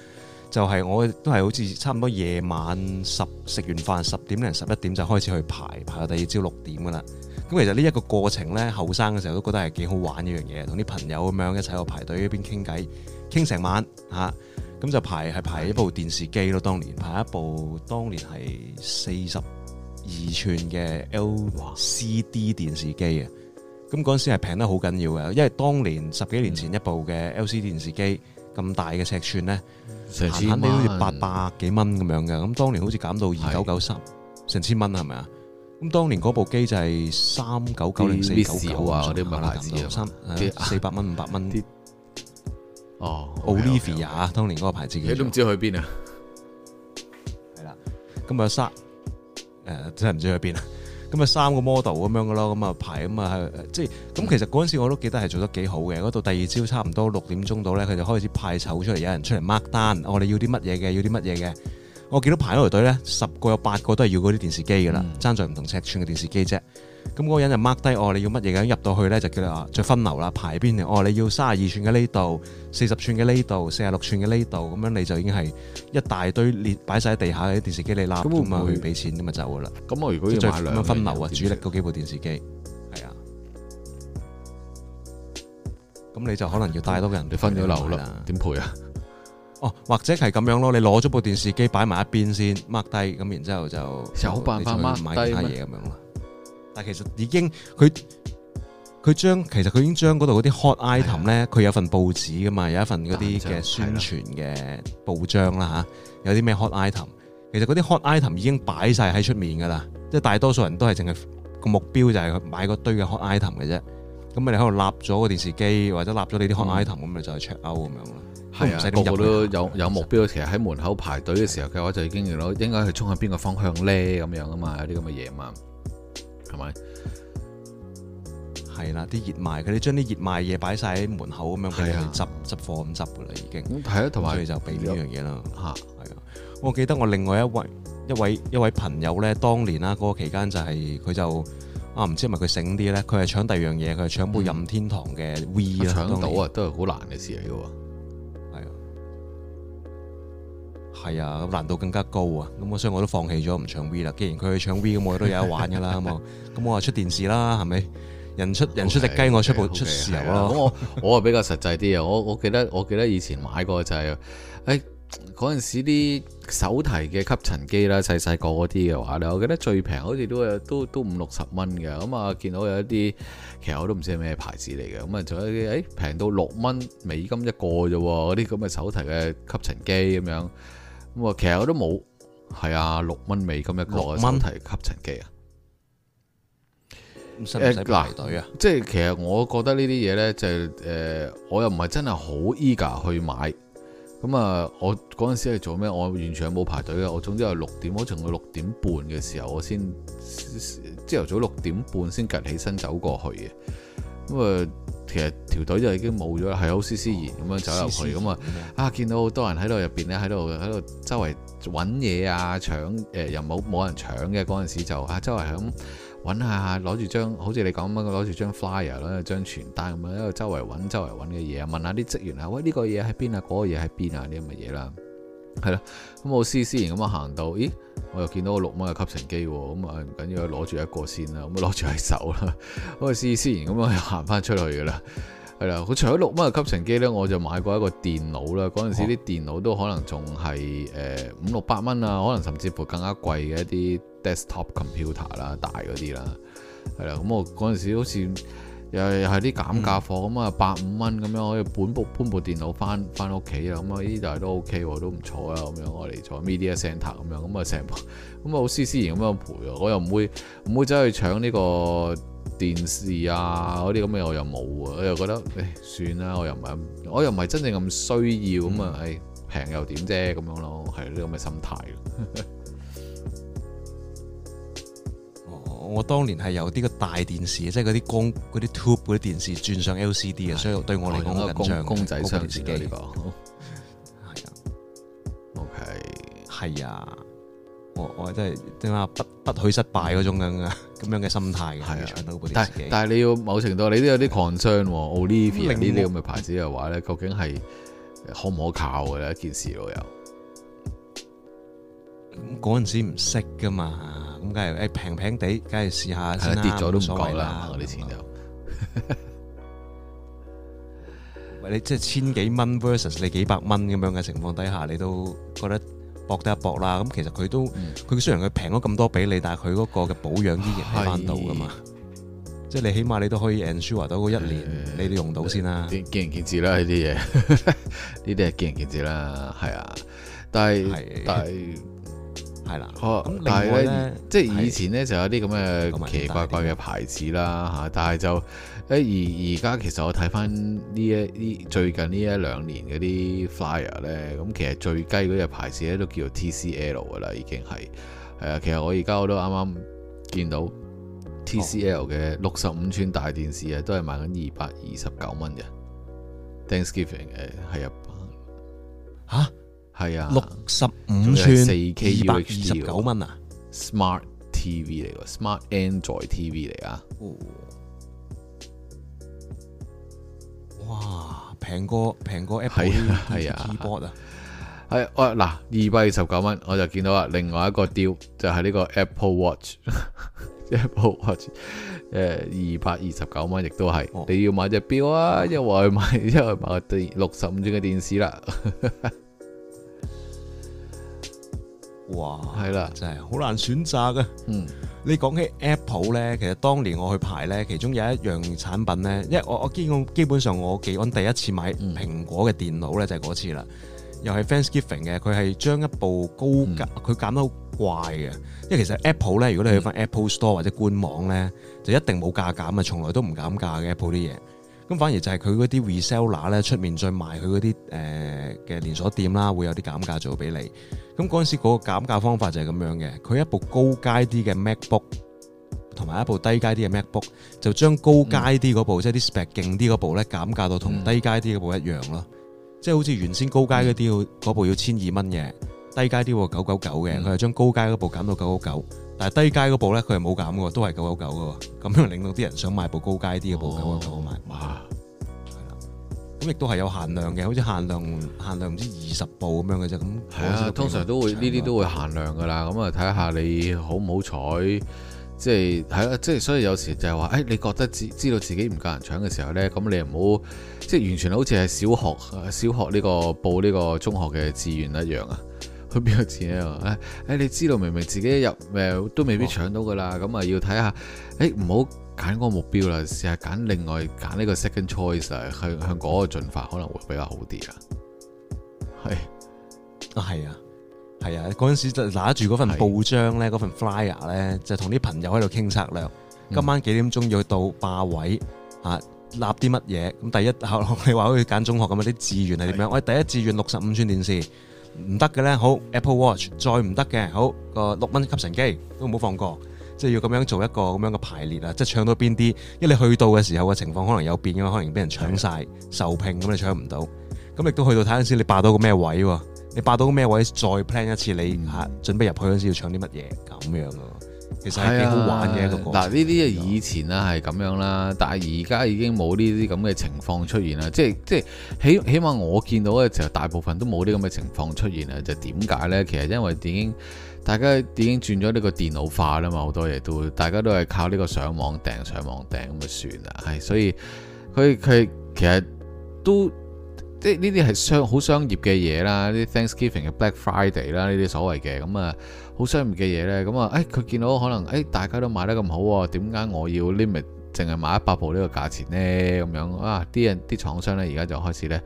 就係我都係好似差唔多夜晚十食完飯十點零十一點就開始去排，排到第二朝六點噶啦。咁其實呢一個過程呢，後生嘅時候都覺得係幾好玩嘅一樣嘢，同啲朋友咁樣一齊去排隊邊傾偈傾成晚嚇。啊咁就排係排一部電視機咯，當年排一部當年係四十二寸嘅 LCD 電視機啊！咁嗰陣時係平得好緊要嘅，因為當年十幾年前一部嘅 LCD 電視機咁大嘅尺寸咧，慄慄地好似八百幾蚊咁樣嘅，咁當年好似減到二九九三成千蚊係咪啊？咁當年嗰部機就係三九九零四九九啊，啲咪三四百蚊五百蚊。哦，Olivia、oh, okay, okay, okay, okay, 啊，當年嗰個牌子，你都唔知去邊啊？係啦，咁啊三誒，真係唔知去邊啊。咁啊三個 model 咁樣嘅咯，咁啊排咁啊，即係咁。其實嗰陣時我都記得係做得幾好嘅。嗰度，嗯、第二朝差唔多六點鐘到咧，佢就開始派籌出嚟，有人出嚟 mark 單。哦，我哋要啲乜嘢嘅？要啲乜嘢嘅？我見到排嗰條隊咧，十個有八個都係要嗰啲電視機噶啦，爭，嗯、在唔同尺寸嘅電視機啫。咁嗰個人就 mark 低哦，你要乜嘢咁入到去咧，就叫你啊，着分流啦，排邊哦？你要三十二寸嘅呢度，四十寸嘅呢度，四十六寸嘅呢度，咁樣你就已經係一大堆列擺晒喺地下嘅電視機，你撈咁去俾錢咁啊，走噶啦。咁我如果要再點樣分流啊？主力嗰幾部電視機，係啊，咁、嗯、你就可能要帶多個人去分流啦。點賠啊？哦，或者係咁樣咯，你攞咗部電視機擺埋一邊先 mark 低，咁然之後就有辦法 mark 低買其他嘢咁樣咯。其實已經佢佢將，其實佢已經將嗰度嗰啲 hot item 咧，佢是的 有份報紙噶嘛，有一份嗰啲嘅宣傳嘅報章啦吓，是的 有啲咩 hot item。其實嗰啲 hot item 已經擺晒喺出面噶啦，即係大多數人都係淨係個目標就係買個堆嘅 hot item 嘅啫。咁你喺度立咗個電視機或者立咗你啲 hot item，咁咪就係 check out 咁樣咯。係啊的，個個都有有目標，其實喺門口排隊嘅時候嘅話，就已經要應該去衝向邊個方向咧咁樣啊嘛，有啲咁嘅嘢嘛。係咪？係啦，啲熱賣佢哋將啲熱賣嘢擺晒喺門口咁樣，佢哋執執貨咁執噶啦，已經。係啊，同埋就避免呢樣嘢啦。吓、啊，係啊！我記得我另外一位一位一位朋友咧，當年啦嗰個期間就係、是、佢就啊唔知係咪佢醒啲咧，佢係搶第二樣嘢，佢係搶部任天堂嘅 V 啦、嗯。年搶到啊，都係好難嘅事嚟嘅喎。係啊，咁難度更加高啊！咁我所以我都放棄咗唔唱 V 啦。既然佢去唱 V，咁我都有得玩噶啦。咁 我話出電視啦，係咪？人出 okay，人出隻雞，okay, 我出部 okay, 出豉油啦。咁我我啊比較實際啲啊。我 我記得我記得以前買過就係、是，誒嗰陣時啲手提嘅吸塵機啦，細細個嗰啲嘅話咧，我記得最平好似都都都五六十蚊嘅。咁啊見到有一啲，其實我都唔知係咩牌子嚟嘅。咁啊仲有啲平到六蚊美金一個啫，嗰啲咁嘅手提嘅吸塵機咁樣。咁啊，其實我都冇，係啊，六蚊美金一個嘅問題吸塵機啊，使唔使排隊啊？即係其實我覺得呢啲嘢咧，就誒、係呃，我又唔係真係好 eager 去買。咁啊，我嗰陣時係做咩？我完全冇排隊嘅。我總之係六點，好似我六點半嘅時候，我先朝頭早六點半先起身走過去嘅。咁啊～、呃其實條隊就已經冇咗啦，係好斯斯斯斯然咁樣走入去咁啊，啊、呃就！啊，見到好多人喺度入邊咧，喺度喺度周圍揾嘢啊，搶誒又冇冇人搶嘅嗰陣時就啊，周圍係咁揾下攞住張好似你講咁樣攞住張 flyer 啦，張傳單咁樣喺度周圍揾，周圍揾嘅嘢問下啲職員啊，喂、呢、呢個嘢喺邊啊？嗰、嗰個嘢喺邊啊，啲咁嘅嘢啦，係啦，咁我斯斯然咁啊行到，咦？我又見到個六蚊嘅吸塵機喎，咁啊唔緊要，攞住一個先啦，咁啊攞住喺手啦，咁啊試先，咁啊又行翻出去嘅啦，係啦，除咗六蚊嘅吸塵機咧，我就買過一個電腦啦，嗰陣時啲電腦都可能仲係誒五六百蚊啊，可能甚至乎更加貴嘅一啲 desktop computer 啦，大嗰啲啦，係啦，咁我嗰陣時好似。又係啲減價貨，咁啊百五蚊咁樣可以本部搬部電腦翻翻屋企啦，咁啊呢啲就都 OK 喎，都唔錯啊咁樣，我哋坐 Media Centre e 咁樣，咁啊成，咁啊好絲絲然咁樣陪，喎，我又唔會唔會走去搶呢個電視啊嗰啲咁嘅，我又冇喎，我又覺得誒算啦，我又唔係我又唔係真正咁需要咁啊，誒平、嗯、又點啫咁樣咯，係呢咁嘅心態。 我當年係有啲個大電視，即係嗰啲光嗰啲 tube 嗰啲電視轉上 LCD 啊、哎呀，所以對我嚟講好緊張、哦、公，公仔箱自己個，係啊，OK，係啊，我我真係點啊不不許失敗嗰種咁、嗯、啊咁樣嘅心態係但但係你要某程度你都有啲 concern，Olivia 呢啲咁嘅牌子嘅話咧，究竟係可唔可靠嘅一件事都有，嗰陣時唔識噶嘛。咁梗係誒平平地，梗係試下先，跌咗都唔貴啦，嗰啲錢就。喂， 你即係千幾蚊 versus 你幾百蚊咁樣嘅情況底下，你都覺得搏得一搏啦。咁其實佢都，佢、嗯、雖然佢平咗咁多俾你，但係佢嗰個嘅保養依然喺翻度噶嘛。是即係你起碼你都可以 ensure 到嗰一年你都用到先啦。嗯、見仁見智啦，呢啲嘢，呢啲係見仁見智啦。係啊，但係的但係。係啦，哦，但係咧，即係以前咧、哎、就有啲咁嘅奇奇怪怪嘅牌子啦，吓，但係就誒而而家其實我睇翻呢一呢最近呢一兩年嗰啲 flyer 咧，咁其實最低嗰隻牌子咧都叫做 TCL 噶啦，已經係係啊，其實我而家我都啱啱見到 TCL 嘅六十五寸大電視、哦、啊，都係賣緊二百二十九蚊嘅 Thanksgiving 嘅係一，吓。係啊，六十五寸四 K UHD，二百二十九蚊啊！Smart TV 嚟個，Smart Android TV 嚟啊！哇，平過平過 Apple 係啊係啊 k 啊，係哦嗱，二百二十九蚊，我就見到啦，另外一個 deal 就係呢個 Apple Watch，Apple Watch，誒，二百二十九蚊，亦都係你要買隻錶啊，因為買因為買電六十五寸嘅電視啦。哇，係啦，真係好難選擇嘅。嗯，你講起 Apple 咧，其實當年我去排咧，其中有一樣產品咧，因為我我基本基本上我記得我第一次買蘋果嘅電腦咧就係嗰次啦，又係 FansGiving 嘅，佢係將一部高價，佢減得好怪嘅。因為其實 Apple 咧，如果你去翻 Apple Store 或者官網咧，就一定冇價減啊，從來都唔減價嘅 Apple 啲嘢。咁反而就係佢嗰啲 reseller 咧，出面再賣佢嗰啲誒嘅連鎖店啦，會有啲減價做俾你。咁嗰陣時嗰個減價方法就係咁樣嘅，佢一部高階啲嘅 MacBook 同埋一部低階啲嘅 MacBook，就將高階啲嗰部，嗯、即係啲 spec 勁啲嗰部咧，減價到同低階啲嗰部一樣咯。嗯、即係好似原先高階嗰啲嗰部要千二蚊嘅，低階啲九九九嘅，佢係、嗯、將高階嗰部減到九九九。但係低階嗰部咧，佢係冇減嘅，都係九九九嘅，咁樣令到啲人想買一部高階啲嘅部九九九買，哇，係啦，咁亦都係有限量嘅，好似限量限量唔知二十部咁樣嘅啫，咁係啊，這通常都會呢啲都會限量嘅啦，咁啊睇下你好唔好彩，即係係啦，即係、就是、所以有時就係、是、話，誒、哎、你覺得知知道自己唔夠人搶嘅時候咧，咁你又唔好即係完全好似係小學小學呢、這個報呢個中學嘅志願一樣啊。佢邊有錢咧？誒、哎、誒，你知道明明自己入誒都未必搶到噶啦，咁啊、哦、要睇下，誒唔好揀嗰個目標啦，試下揀另外揀呢個 second choice 啊，向向嗰個進化可能會比較好啲啊。係啊，係啊，係啊，嗰陣時就拿住嗰份報章咧，嗰是份 flyer 咧，就同啲朋友喺度傾策略。嗯、今晚幾點鐘要去到霸位啊？攬啲乜嘢？咁第一，你話可以揀中學咁啊？啲志願係點樣？是我第一志願六十五寸電視。唔得嘅呢，好 Apple Watch 再唔得嘅，好個六蚊吸塵機都唔好放過，即係要咁樣做一個咁樣嘅排列啊！即係搶到邊啲，因為你去到嘅時候嘅情況可能有變嘅，可能俾人搶晒的受聘咁，你搶唔到，咁亦都去到睇下先，你霸到個咩位，你霸到個咩位再 plan 一次，你吓準備入去嗰時要搶啲乜嘢咁樣嘅、啊。其實係幾好玩嘅同個。嗱，呢啲啊，以前啦係咁樣啦，但係而家已經冇呢啲咁嘅情況出現啦。嗯、即係即係起起碼我見到嘅，其實大部分都冇呢咁嘅情況出現啦。就點解呢？其實因為已經大家已經轉咗呢個電腦化啦嘛，好多嘢都大家都係靠呢個上網訂、上網訂咁就算啦。係所以佢佢其實都即係呢啲係商好商業嘅嘢啦，啲 Thanksgiving 嘅 Black Friday 啦，呢啲所謂嘅咁啊。好商業嘅嘢呢，咁啊，誒佢見到可能誒、哎、大家都買得咁好喎，點解我要 limit 淨係買一百部呢個價錢呢？咁樣啊，啲人啲廠商呢而家就開始呢，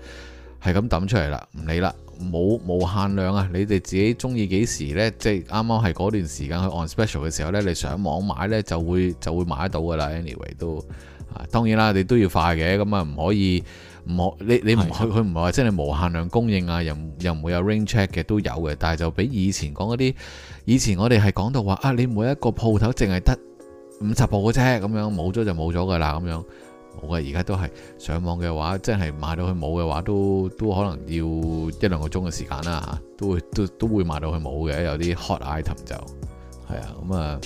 係咁揼出嚟啦，唔理啦，冇冇限量啊！你哋自己中意幾時呢？即啱啱係嗰段時間去 on special 嘅時候呢，你上網買呢就會就會買得到噶啦。Anyway 都啊，當然啦，你都要快嘅，咁啊唔可以。唔可你你唔佢佢唔係話即係無限量供應啊，又又唔會有 rain check 嘅都有嘅，但係就比以前講嗰啲以前我哋係講到話啊，你每一個鋪頭淨係得五十部嘅啫，咁樣冇咗就冇咗噶啦，咁樣冇嘅而家都係上網嘅話，真係買到佢冇嘅話，都都可能要一兩個鐘嘅時,時間啦嚇，都會都都會買到佢冇嘅，有啲 hot item 就係啊咁啊。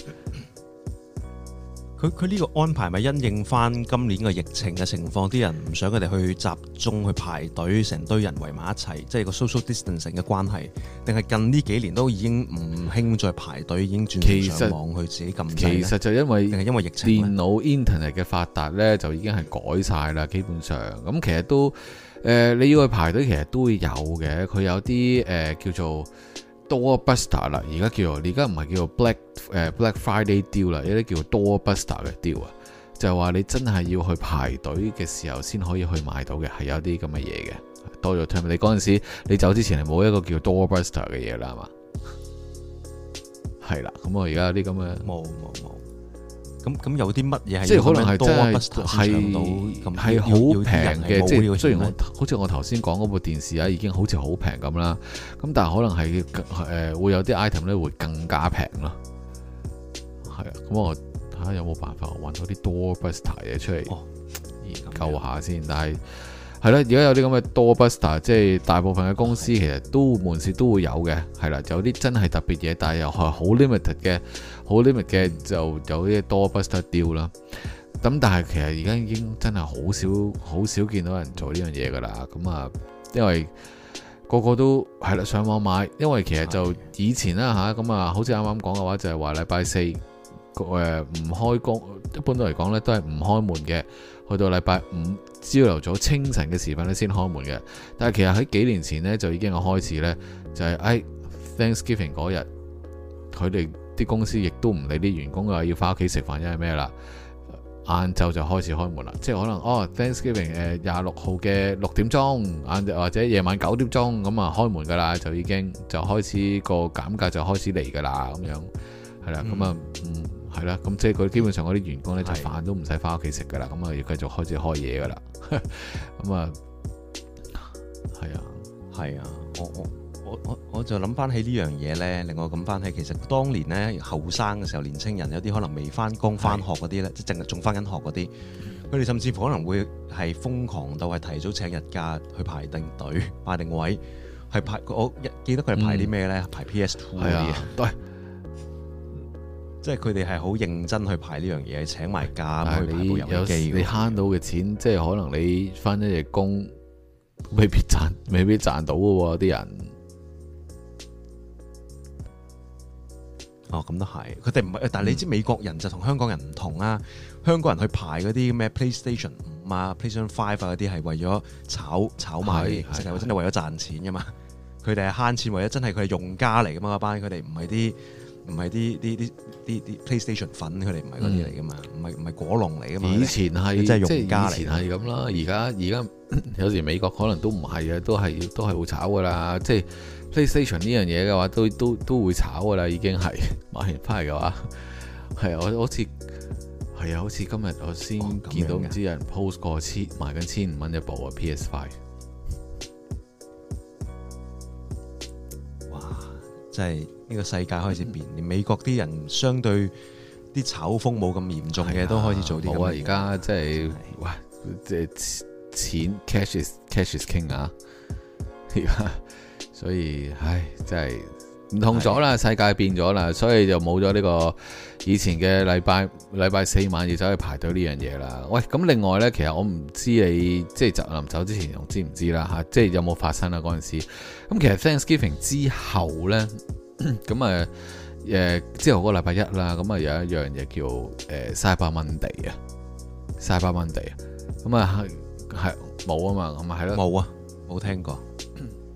佢佢呢個安排咪因應翻今年嘅疫情嘅情況，啲人唔想佢哋去集中去排隊，成堆人圍埋一齊，即係個 social distancing 嘅關係。定係近呢幾年都已經唔興再排隊，已經轉上網去自己撳。其實就因為定係因為疫情電腦 internet 嘅發達呢，就已經係改晒啦，基本上咁、嗯、其實都誒、呃，你要去排隊其實都會有嘅。佢有啲誒、呃、叫做。多 o o r b u s t e r 啦，而家叫做，而家唔係叫做 black，誒、呃、black Friday d 雕啦，有啲叫做 doorbuster 嘅雕啊，就係、是、話你真係要去排隊嘅時候先可以去買到嘅，係有啲咁嘅嘢嘅。多咗 time，你嗰陣時你走之前係冇一個叫多 o o r b u、嗯、s t e r 嘅嘢啦，係嘛？係啦，咁我而家有啲咁嘅。冇冇冇。咁咁有啲乜嘢係即係可能係多係係係好平嘅，即係雖然我好似我頭先講嗰部電視啊，已經好似好平咁啦。咁但係可能係誒、呃、會有啲 item 咧會更加平咯。係啊，咁我睇下有冇辦法揾到啲 doorbuster 嘢出嚟研究下先。哦、但係係啦，而家有啲咁嘅 doorbuster，即係大部分嘅公司其實都門市都會有嘅。係啦，就有啲真係特別嘢，但係又係好 limited 嘅。好 limit 嘅就有啲多不捨丟啦。咁但係其實而家已經真係好少好少見到人做呢樣嘢㗎啦。咁啊，因為個個都係啦，上網買。因為其實就以前啦吓咁啊，好似啱啱講嘅話就係話禮拜四誒唔開工，一般都嚟講呢，都係唔開門嘅。去到禮拜五朝頭早清晨嘅時分咧先開門嘅。但係其實喺幾年前呢，就已經開始呢，就係、是、誒、哎、Thanksgiving 嗰日佢哋。他們啲公司亦都唔理啲員工啊，要翻屋企食飯，因為咩啦？晏晝就開始開門啦，即係可能哦，Thanksgiving 誒廿六號嘅六點鐘，或者夜晚九點鐘咁啊，開門噶啦，就已經就開始、嗯、個減價就開始嚟噶啦，咁樣係啦，咁啊、嗯，嗯，係啦，咁即係佢基本上嗰啲員工咧就飯都唔使翻屋企食噶啦，咁啊是的 要繼續開始開嘢噶啦，咁啊係啊，係啊，我我。我我就諗翻起呢樣嘢咧，令我諗翻起，其實當年咧後生嘅時候，年青人有啲可能未翻工翻學嗰啲咧，的即係淨係仲翻緊學嗰啲，佢哋甚至乎可能會係瘋狂到係提早請日假去排定隊排定位，係排我一記得佢係排啲咩咧，嗯、排 PS Two 嗰啲即係佢哋係好認真去排呢樣嘢，請埋假你去排部遊戲機時你慳到嘅錢，即係可能你翻一日工未必賺，未必賺到嘅喎，啊，啲人。哦，咁都係，佢哋唔係，但係你知美國人就同香港人唔同啊！嗯、香港人去排嗰啲咩 PlayStation 五啊、PlayStation Five 啊嗰啲係為咗炒炒賣嘅，其實係真係為咗賺錢噶嘛。佢哋係慳錢為咗，真係佢係用家嚟噶嘛班，佢哋唔係啲唔係啲啲啲啲啲 PlayStation 粉，佢哋唔係嗰啲嚟噶嘛，唔係唔係果農嚟噶嘛。以前係即係以前係咁啦，而家而家有時美國可能都唔係啊，都係都係好炒噶啦，即係。PlayStation 呢樣嘢嘅話都都都會炒㗎喇，已經係買完翻嚟嘅話，係我好似係、哦、到啊，好似今日我先見到唔知有人 post 過千賣緊千五蚊一部啊 PS Five，哇！即係呢個世界開始變，嗯、連美國啲人相對啲炒風冇咁嚴重嘅，啊、都開始做啲。好啊！而家即係哇，即係錢 cash is cash is king 啊！ 所以，唉，真係唔同咗啦，是的 世界變咗啦，所以就冇咗呢個以前嘅禮拜禮拜四晚要走去排隊呢樣嘢啦。喂，咁另外呢，其實我唔知你即係就臨走之前，仲知唔知啦吓？即係有冇發生啦嗰陣時？咁其實 Thanksgiving 之後呢，咁啊，誒，之後嗰個禮拜一啦，咁啊，Cyber Monday, Cyber Monday 有一樣嘢叫誒，Cyber Monday 啊，Cyber Monday 啊，咁啊係冇啊嘛，咁啊係啦冇啊，冇聽過。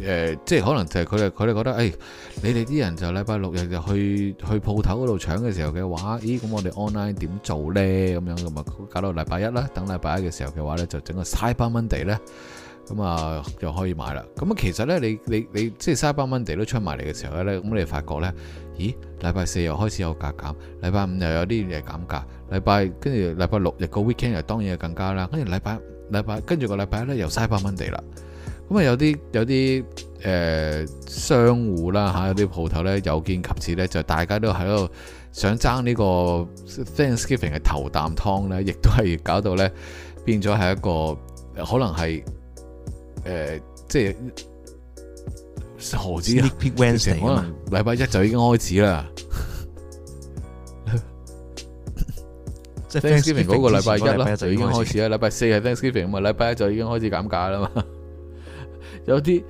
誒、呃，即係可能就係佢哋佢哋覺得，誒、哎，你哋啲人就禮拜六日就去去鋪頭嗰度搶嘅時候嘅話，咦，咁我哋 online 點做咧？咁樣咁啊，搞到禮拜一啦，等禮拜一嘅時候嘅話咧、嗯啊，就整個 Cyber Monday 咧，咁啊，又可以買啦。咁啊，其實咧，你你你即係 Cyber Monday 都出埋嚟嘅時候咧，咁你發覺咧，咦，禮拜四又開始有價減，禮拜五又有啲嘢減價，禮拜跟住禮拜六日個 weekend 又當然又更加啦，跟住禮拜禮拜跟住個禮拜一咧又 Cyber Monday 啦。咁、呃、啊，有啲有啲誒商戶啦嚇，有啲鋪頭咧有見及此咧，就大家都喺度想爭呢個 Thanksgiving 嘅頭啖湯咧，亦都係搞到咧變咗係一個可能係誒、呃、即係何止啊？成可能禮拜一就已經開始啦。即係 Thanksgiving 嗰個禮拜一啦，就已經開始啦。禮拜四係 Thanksgiving 嘛，禮拜一就已經開始減價啦嘛。有啲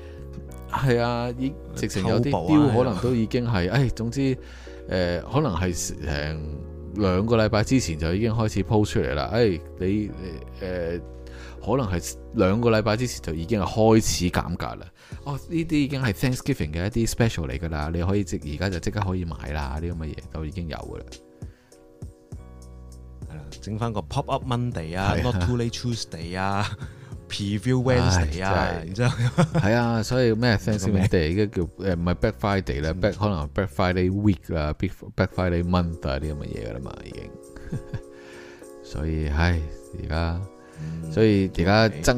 係啊，直情有啲雕可能都已經係，誒、哎，總之誒、呃，可能係誒兩個禮拜之前就已經開始鋪出嚟啦。誒、哎，你誒、呃、可能係兩個禮拜之前就已經係開始減價啦。哦，呢啲已經係 Thanksgiving 嘅一啲 special 嚟噶啦，你可以即而家就即刻可以買啦。啲咁嘅嘢都已經有噶啦，係啦，整翻個 Pop Up Monday 啊，啊，Not Too Late Tuesday 啊。Preview Wednesday 啊，然之後係啊，所以咩 Thanksgiving Day 依家叫誒唔係 Black Friday 啦，Black 可能 Black Friday week 啊 Black Friday month 啊啲咁嘅嘢啦嘛，已經。所以唉，而家所以而家爭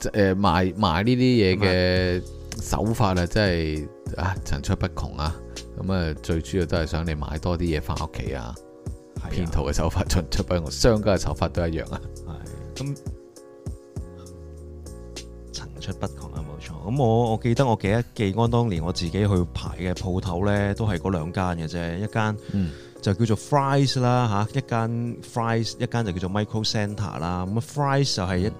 誒賣賣呢啲嘢嘅手法啊，真係啊層出不窮啊。咁啊，最主要都係想你買多啲嘢翻屋企啊。騙徒嘅手法層出不窮，商家嘅手法都一樣啊。係咁。出不窮啦，冇錯咁。我我記得我記得記安當年我自己去排嘅鋪頭咧，都係嗰兩間嘅啫。一間就叫做 Fry's 啦，嚇一間 Fry's，一間就叫做 Micro Center 啦。咁啊，Fry's 就係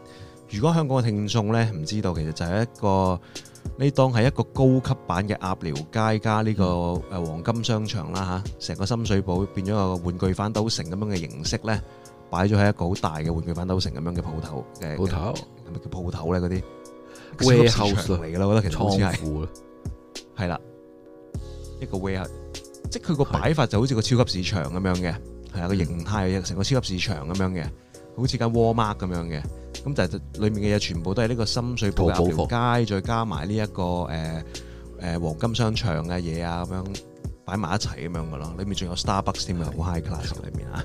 如果香港嘅聽眾咧唔知道，其實就係一個呢當係一個高級版嘅鴨寮街加呢個誒黃金商場啦嚇，成個深水埗變咗個玩具反斗城咁樣嘅形式咧，擺咗喺一個好大嘅玩具反斗城咁樣嘅鋪頭嘅鋪頭係咪叫鋪頭咧？嗰啲倉庫嚟噶咯。庫我覺得其實好似係，係啦庫，一個 warehouse 即係佢個擺法就好似的個超級市場咁樣嘅，係啊個形態成個超級市場咁樣嘅，好似間 Walmart 咁樣嘅，咁就係裏面嘅嘢全部都係呢個深水埗街，再加埋呢一個誒誒黃金商場嘅嘢啊，咁樣擺埋一齊咁樣噶咯，裏面仲有 Starbucks 添啊的，好 high class 裏面啊。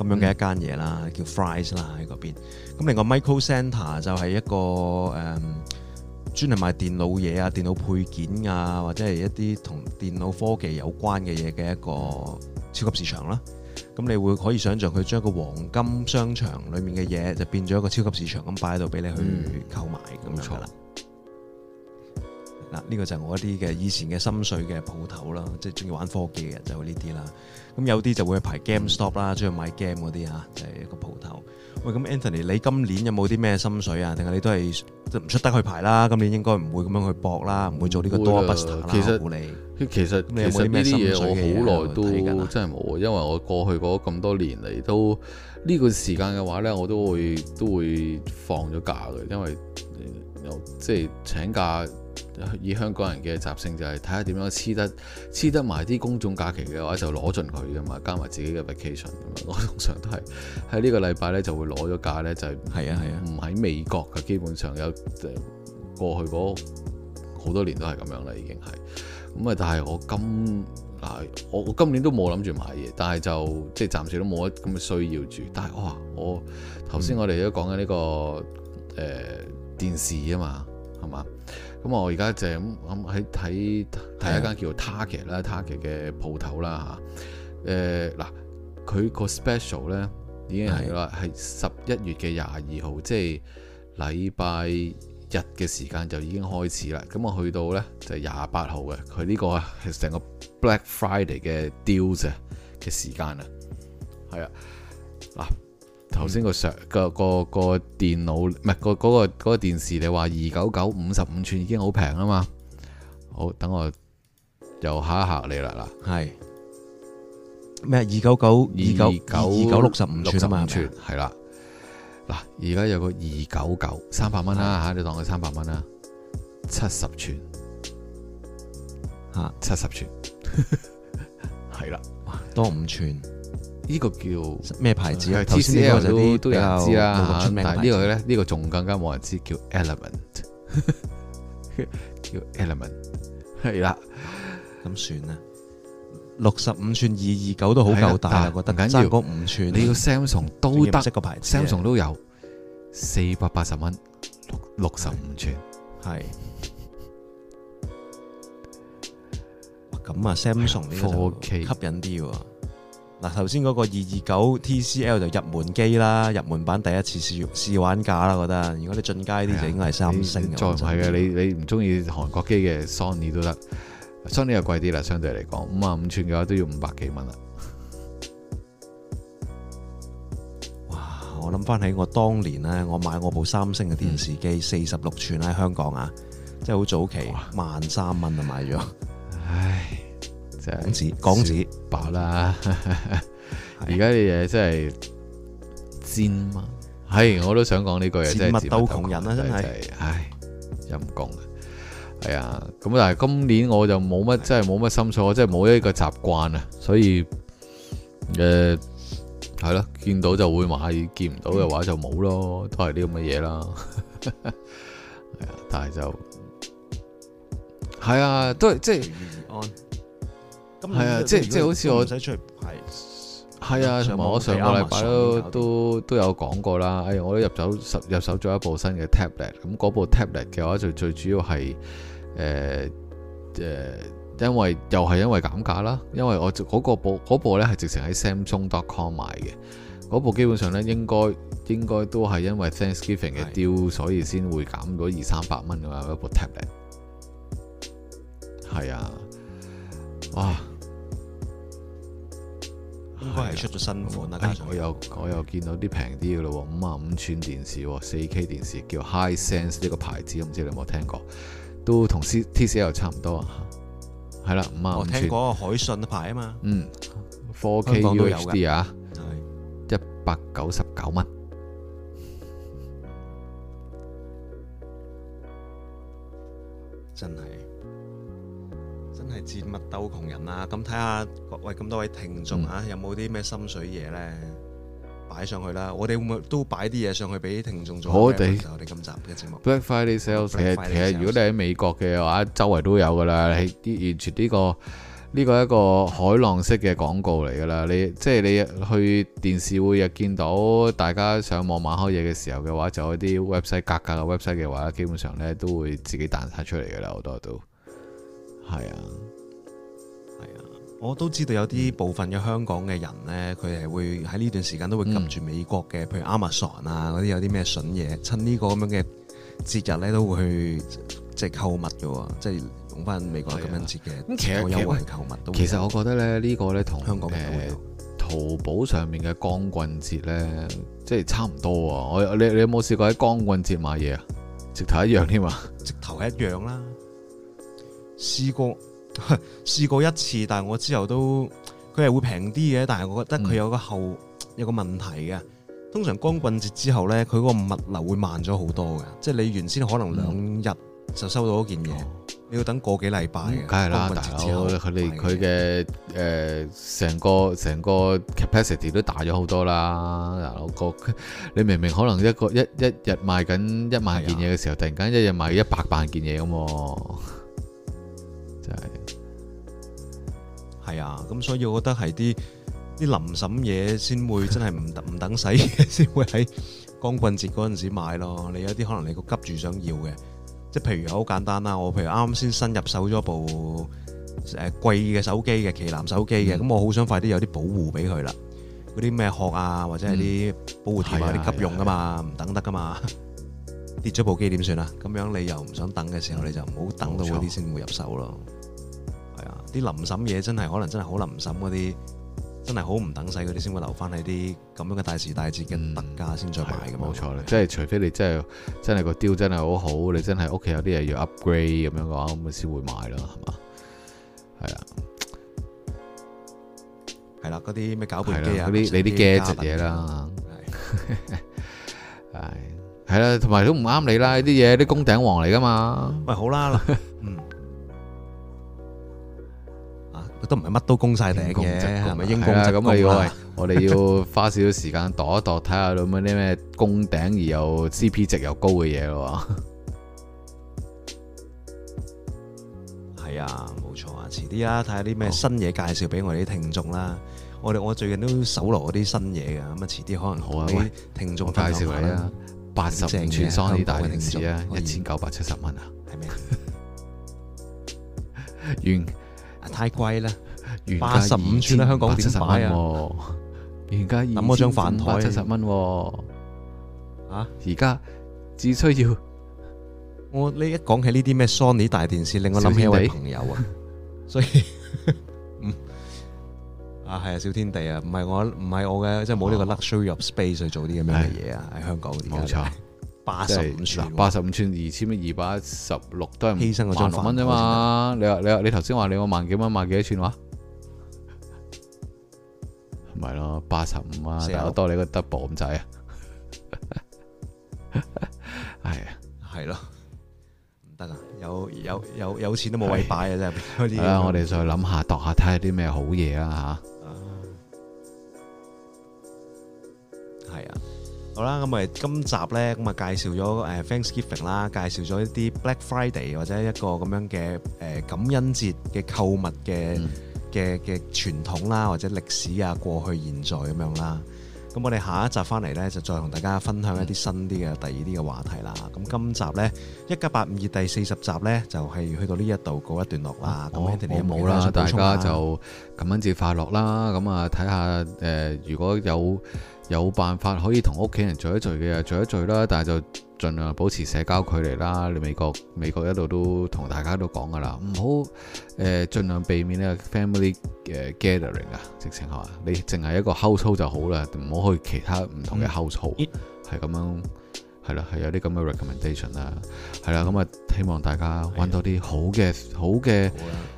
咁樣嘅一間嘢啦，嗯、叫 Fries 啦喺嗰邊。咁另外 Micro Center 就係一個誒專係賣電腦嘢啊、電腦配件啊，或者係一啲同電腦科技有關嘅嘢嘅一個超級市場啦。咁、嗯、你會可以想象佢將一個黃金商場裡面嘅嘢就變咗一個超級市場咁擺喺度俾你去購買咁、嗯、樣噶啦。嗱，呢個就係我一啲嘅以前嘅心水嘅鋪頭啦，即係中意玩科技嘅人就會呢啲啦。咁、嗯、有啲就會去排 GameStop 啦、嗯，中意買 game 嗰啲啊，就係、是、一個鋪頭。喂，咁 Anthony，你今年有冇啲咩心水啊？定係你都係唔出得去排啦？今年應該唔會咁樣去搏啦，唔會做呢個 Doorbuster 嘅。其實其實呢啲嘢我好耐都真係冇，因為我過去嗰咁多年嚟都呢、這個時間嘅話咧，我都會都會放咗假嘅，因為有、呃，即係請假。以香港人嘅習性就係睇下點樣黐得黐得埋啲公眾假期嘅話就攞進佢噶嘛，加埋自己嘅 vacation 咁啊，我通常都係喺呢個禮拜咧就會攞咗假咧就係，係啊係啊，唔喺、啊、美國嘅，基本上有過去嗰好多年都係咁樣啦，已經係咁啊，但係我今嗱我我今年都冇諗住買嘢，但係就即係暫時都冇乜咁嘅需要住，但係哇，我頭先我哋都講緊呢、這個誒、嗯呃、電視啊嘛係嘛？咁我而家就咁咁喺睇第一間叫做 Target 啦，Target 嘅鋪頭啦嚇。誒嗱的，佢個 special 咧已經係啦，係十一月嘅廿二號，即係禮拜日嘅時間就已經開始啦。咁我去到咧就係廿八號嘅，佢呢個係成個 Black Friday 嘅 deals 啫嘅時間啊，係啊嗱。頭先個上個個個電腦唔係個嗰個個電視，你話二九九五十五寸已經好平啊嘛！好，等我又吓一吓你啦嗱，係咩？二九九二九二九六十五寸啊？係啦，嗱吋，而家嗎有個二九九三百蚊啦吓，的你當佢三百蚊啦，七十寸吓，七十寸係啦，多五寸。呢個叫咩牌子啊？頭先都都有人知啦，但係呢個咧，呢個仲更加冇人知，叫 Element，叫 Element，係啦，咁算啦，六十五寸二二九都好夠大，我覺得，爭嗰五寸，你要 Samsung 都得，Samsung 都有四百八十蚊，六六十五寸，係，咁啊，Samsung 呢個吸引啲喎。嗱，頭先嗰個二二九 TCL 就入門機啦，入門版第一次試試玩價啦，我覺得如果你進階啲就應該係三星啦。再唔係嘅，你你唔中意韓國機嘅 Sony 都得，Sony 又貴啲啦，相對嚟講五啊五寸嘅話都要五百幾蚊啦。哇！我諗翻起我當年呢，我買我部三星嘅電視機四十六寸喺香港啊，即係好早期萬三蚊啊買咗。哇了唉。港紙港紙白啦，而家啲嘢真係賤物，係我都想講呢句嘢，真係鬥窮人啦，真係，唉，陰功啊，係啊，咁但係今年我就冇乜，真係冇乜心數，即係冇一個習慣啊，所以，誒，係咯，見到就會買，見唔到嘅話就冇咯，都係啲咁嘅嘢啦，係啊，但係就，係啊，都係即係。就是咁係啊，即係即係，好似我唔使出嚟，係啊，同埋部我上個禮拜都好都都有講過啦。哎我都入手入手咗一部新嘅 tablet。咁嗰部 tablet 嘅話就最主要係誒誒，因為又係因為減價啦。因為我嗰、嗰個部嗰部咧係直情喺 Samsung.com 買嘅。嗰部基本上咧應該應該都係因為 Thanksgiving 嘅 deal，< 是的 S 2> 所以先會減咗二三百蚊咁樣，一部 tablet。係啊，哇！咁佢係出咗新款啦，啊哎，我又我又見到啲平啲嘅咯，五啊五寸電視，四 K 電視叫 HiSense 呢個牌子，唔知你有冇聽過？都同 TCL 差唔多啊，係啦，五啊五寸。我聽過個海信牌啊嘛，嗯，4K UHD 啊，一百九十九蚊，元真係。係節物兜窮人啦，啊，咁睇下各位咁多位聽眾啊，嗯、有冇啲咩心水嘢咧擺上去啦？我哋會唔會都擺啲嘢上去俾聽眾？做我哋我哋今集嘅節目。Black Friday sales，其實其實如果你喺美國嘅話，周圍都有噶啦。喺啲，嗯、完全呢個呢個一個海浪式嘅廣告嚟噶啦。你即係你去電視會日見到大家上網買開嘢嘅時候嘅話，就有一啲 website 價格嘅 website 嘅話，基本上咧都會自己彈晒出嚟噶啦，好多都。係啊，係啊，我都知道有啲部分嘅香港嘅人咧，佢哋係會喺呢段時間都會及住美國嘅，嗯、譬如 Amazon 啊嗰啲有啲咩筍嘢，趁呢個咁樣嘅節日咧，都會去即係購物嘅，即係用翻美國感恩節嘅。咁其實有啲人購物，啊、其實我覺得咧呢個咧同香港嘅淘寶上面嘅光棍節咧，即係差唔多啊！我你你有冇試過喺光棍節買嘢啊？直頭一樣添啊！直頭一樣啦。試過試過一次，但係我之後都佢係會平啲嘅。但係我覺得佢有個後、嗯、有個問題嘅。通常光棍節之後呢，佢嗰個物流會慢咗好多嘅。即係你原先可能兩日就收到一件嘢，嗯、你要等過幾禮拜。梗係啦，大佬，佢哋佢嘅誒成個成個 capacity 都大咗好多啦嗱。我、那個你明明可能一個一一日賣緊一萬件嘢嘅時候，的突然間一日賣一百萬件嘢咁。係啊，咁所以我覺得係啲啲臨審嘢，先會真係唔等唔等使嘢，先會喺光棍節嗰陣時買咯。你有啲可能你個急住想要嘅，即係譬如好簡單啦。我譬如啱啱先新入手咗部誒貴嘅手機嘅，旗艦手機嘅，咁我好想快啲有啲保護俾佢啦。嗰啲咩殼啊，或者係啲保護貼啊，啲急用噶嘛，唔等得噶嘛。跌咗部機點算啊？咁樣你又唔想等嘅時候，你就唔好等到嗰啲先會入手咯。啲臨審嘢真係可能真係好臨審嗰啲，真係好唔等使嗰啲先會留翻你啲咁樣嘅大時大節嘅特價先再買嘅，冇、嗯、錯啦。即係的的除非你真係真係個雕真係好好，你真係屋企有啲嘢要 upgrade 咁樣嘅話，咁咪先會買咯，係嘛？係啊，係啦，嗰啲咩攪拌機啊，嗰啲的些你啲 gadget 嘅嘢啦，係係啦，同埋都唔啱你啦，啲嘢啲公頂王嚟噶嘛，喂、嗯欸，好啦。 都唔係乜都攻曬頂嘅，係咪？應公值高啊！咁我哋要， 要花少少時間度一度，睇下有冇啲咩攻頂而又 CP 值又高嘅嘢喎。係 啊，冇錯啊，遲啲啊，睇下啲咩新嘢介紹俾我哋啲聽眾啦。哦、我哋我最近都搜羅嗰啲新嘢嘅，咁、嗯、啊遲啲可能好啊。啲聽眾介紹啊。八十寸 Sony 嘅大電視啊，一千九百七十蚊啊，係咩？ 完。太貴啦，八十五寸喺香港點買啊？而原價二千五百七十蚊，啊、哦，而家只需要我，呢一講起呢啲咩 Sony 大電視，令我諗起一位朋友啊，所以嗯啊係啊小天地、嗯、啊，唔係、啊、我唔係我嘅，哇即係冇呢個 luxury of space 去做啲咁樣嘅嘢啊，喺對香港冇錯。八十五寸，八十五寸二千二百一十六，說 2, 6, 都係犧牲嗰千六蚊啫嘛。你話你話你頭先話你我萬幾蚊買幾 85, 46? 多寸話，咪咯八十五啊，但係多你一個 double 咁滯啊。係啊，係咯，唔得啊，有有有有錢都冇位擺啊真係。係的啊，我哋再諗下，度下睇下啲咩好嘢啊吓。係啊。好啦，咁咪今集呢，咁啊介紹咗誒 Thanksgiving 啦，介紹咗一啲 Black Friday 或者一個咁樣嘅誒感恩節嘅購物嘅嘅嘅傳統啦，或者歷史啊，過去現在咁樣啦。咁我哋下一集翻嚟呢，就再同大家分享一啲新啲嘅第二啲嘅話題啦。咁今集呢一家八五二第四十集呢，就係去到呢一度告一段落啦。咁你有冇啦？大家就感恩節快樂啦！咁啊睇下誒，如果有。有辦法可以同屋企人聚一聚嘅，聚一聚啦。但係就盡量保持社交距離啦。你美國美國一路都同大家都講㗎啦，唔好誒，呃、盡量避免呢 family gathering 啊，直情嚇。你淨係一個 household 就好啦，唔好去其他唔同嘅 household 係咁、嗯、樣係啦，係、嗯、有啲咁嘅 recommendation 啦，係啦。咁啊，希望大家揾到啲好嘅的好嘅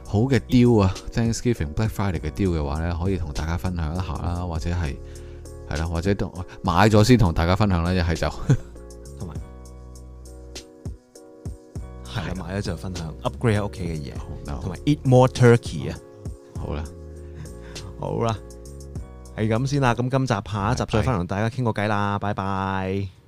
好嘅 deal 啊、嗯、，Thanksgiving、Black Friday 嘅 deal 嘅話呢，可以同大家分享一下啦，或者係。係啦，或者同買咗先同大家分享啦，一係就同埋，係啊，的的買咗就分享的，upgrade 喺屋企嘅嘢，同埋 eat more turkey 啊，好啦，好啦，係咁先啦，咁今集下一集再翻同大家傾個偈啦，拜拜。拜拜。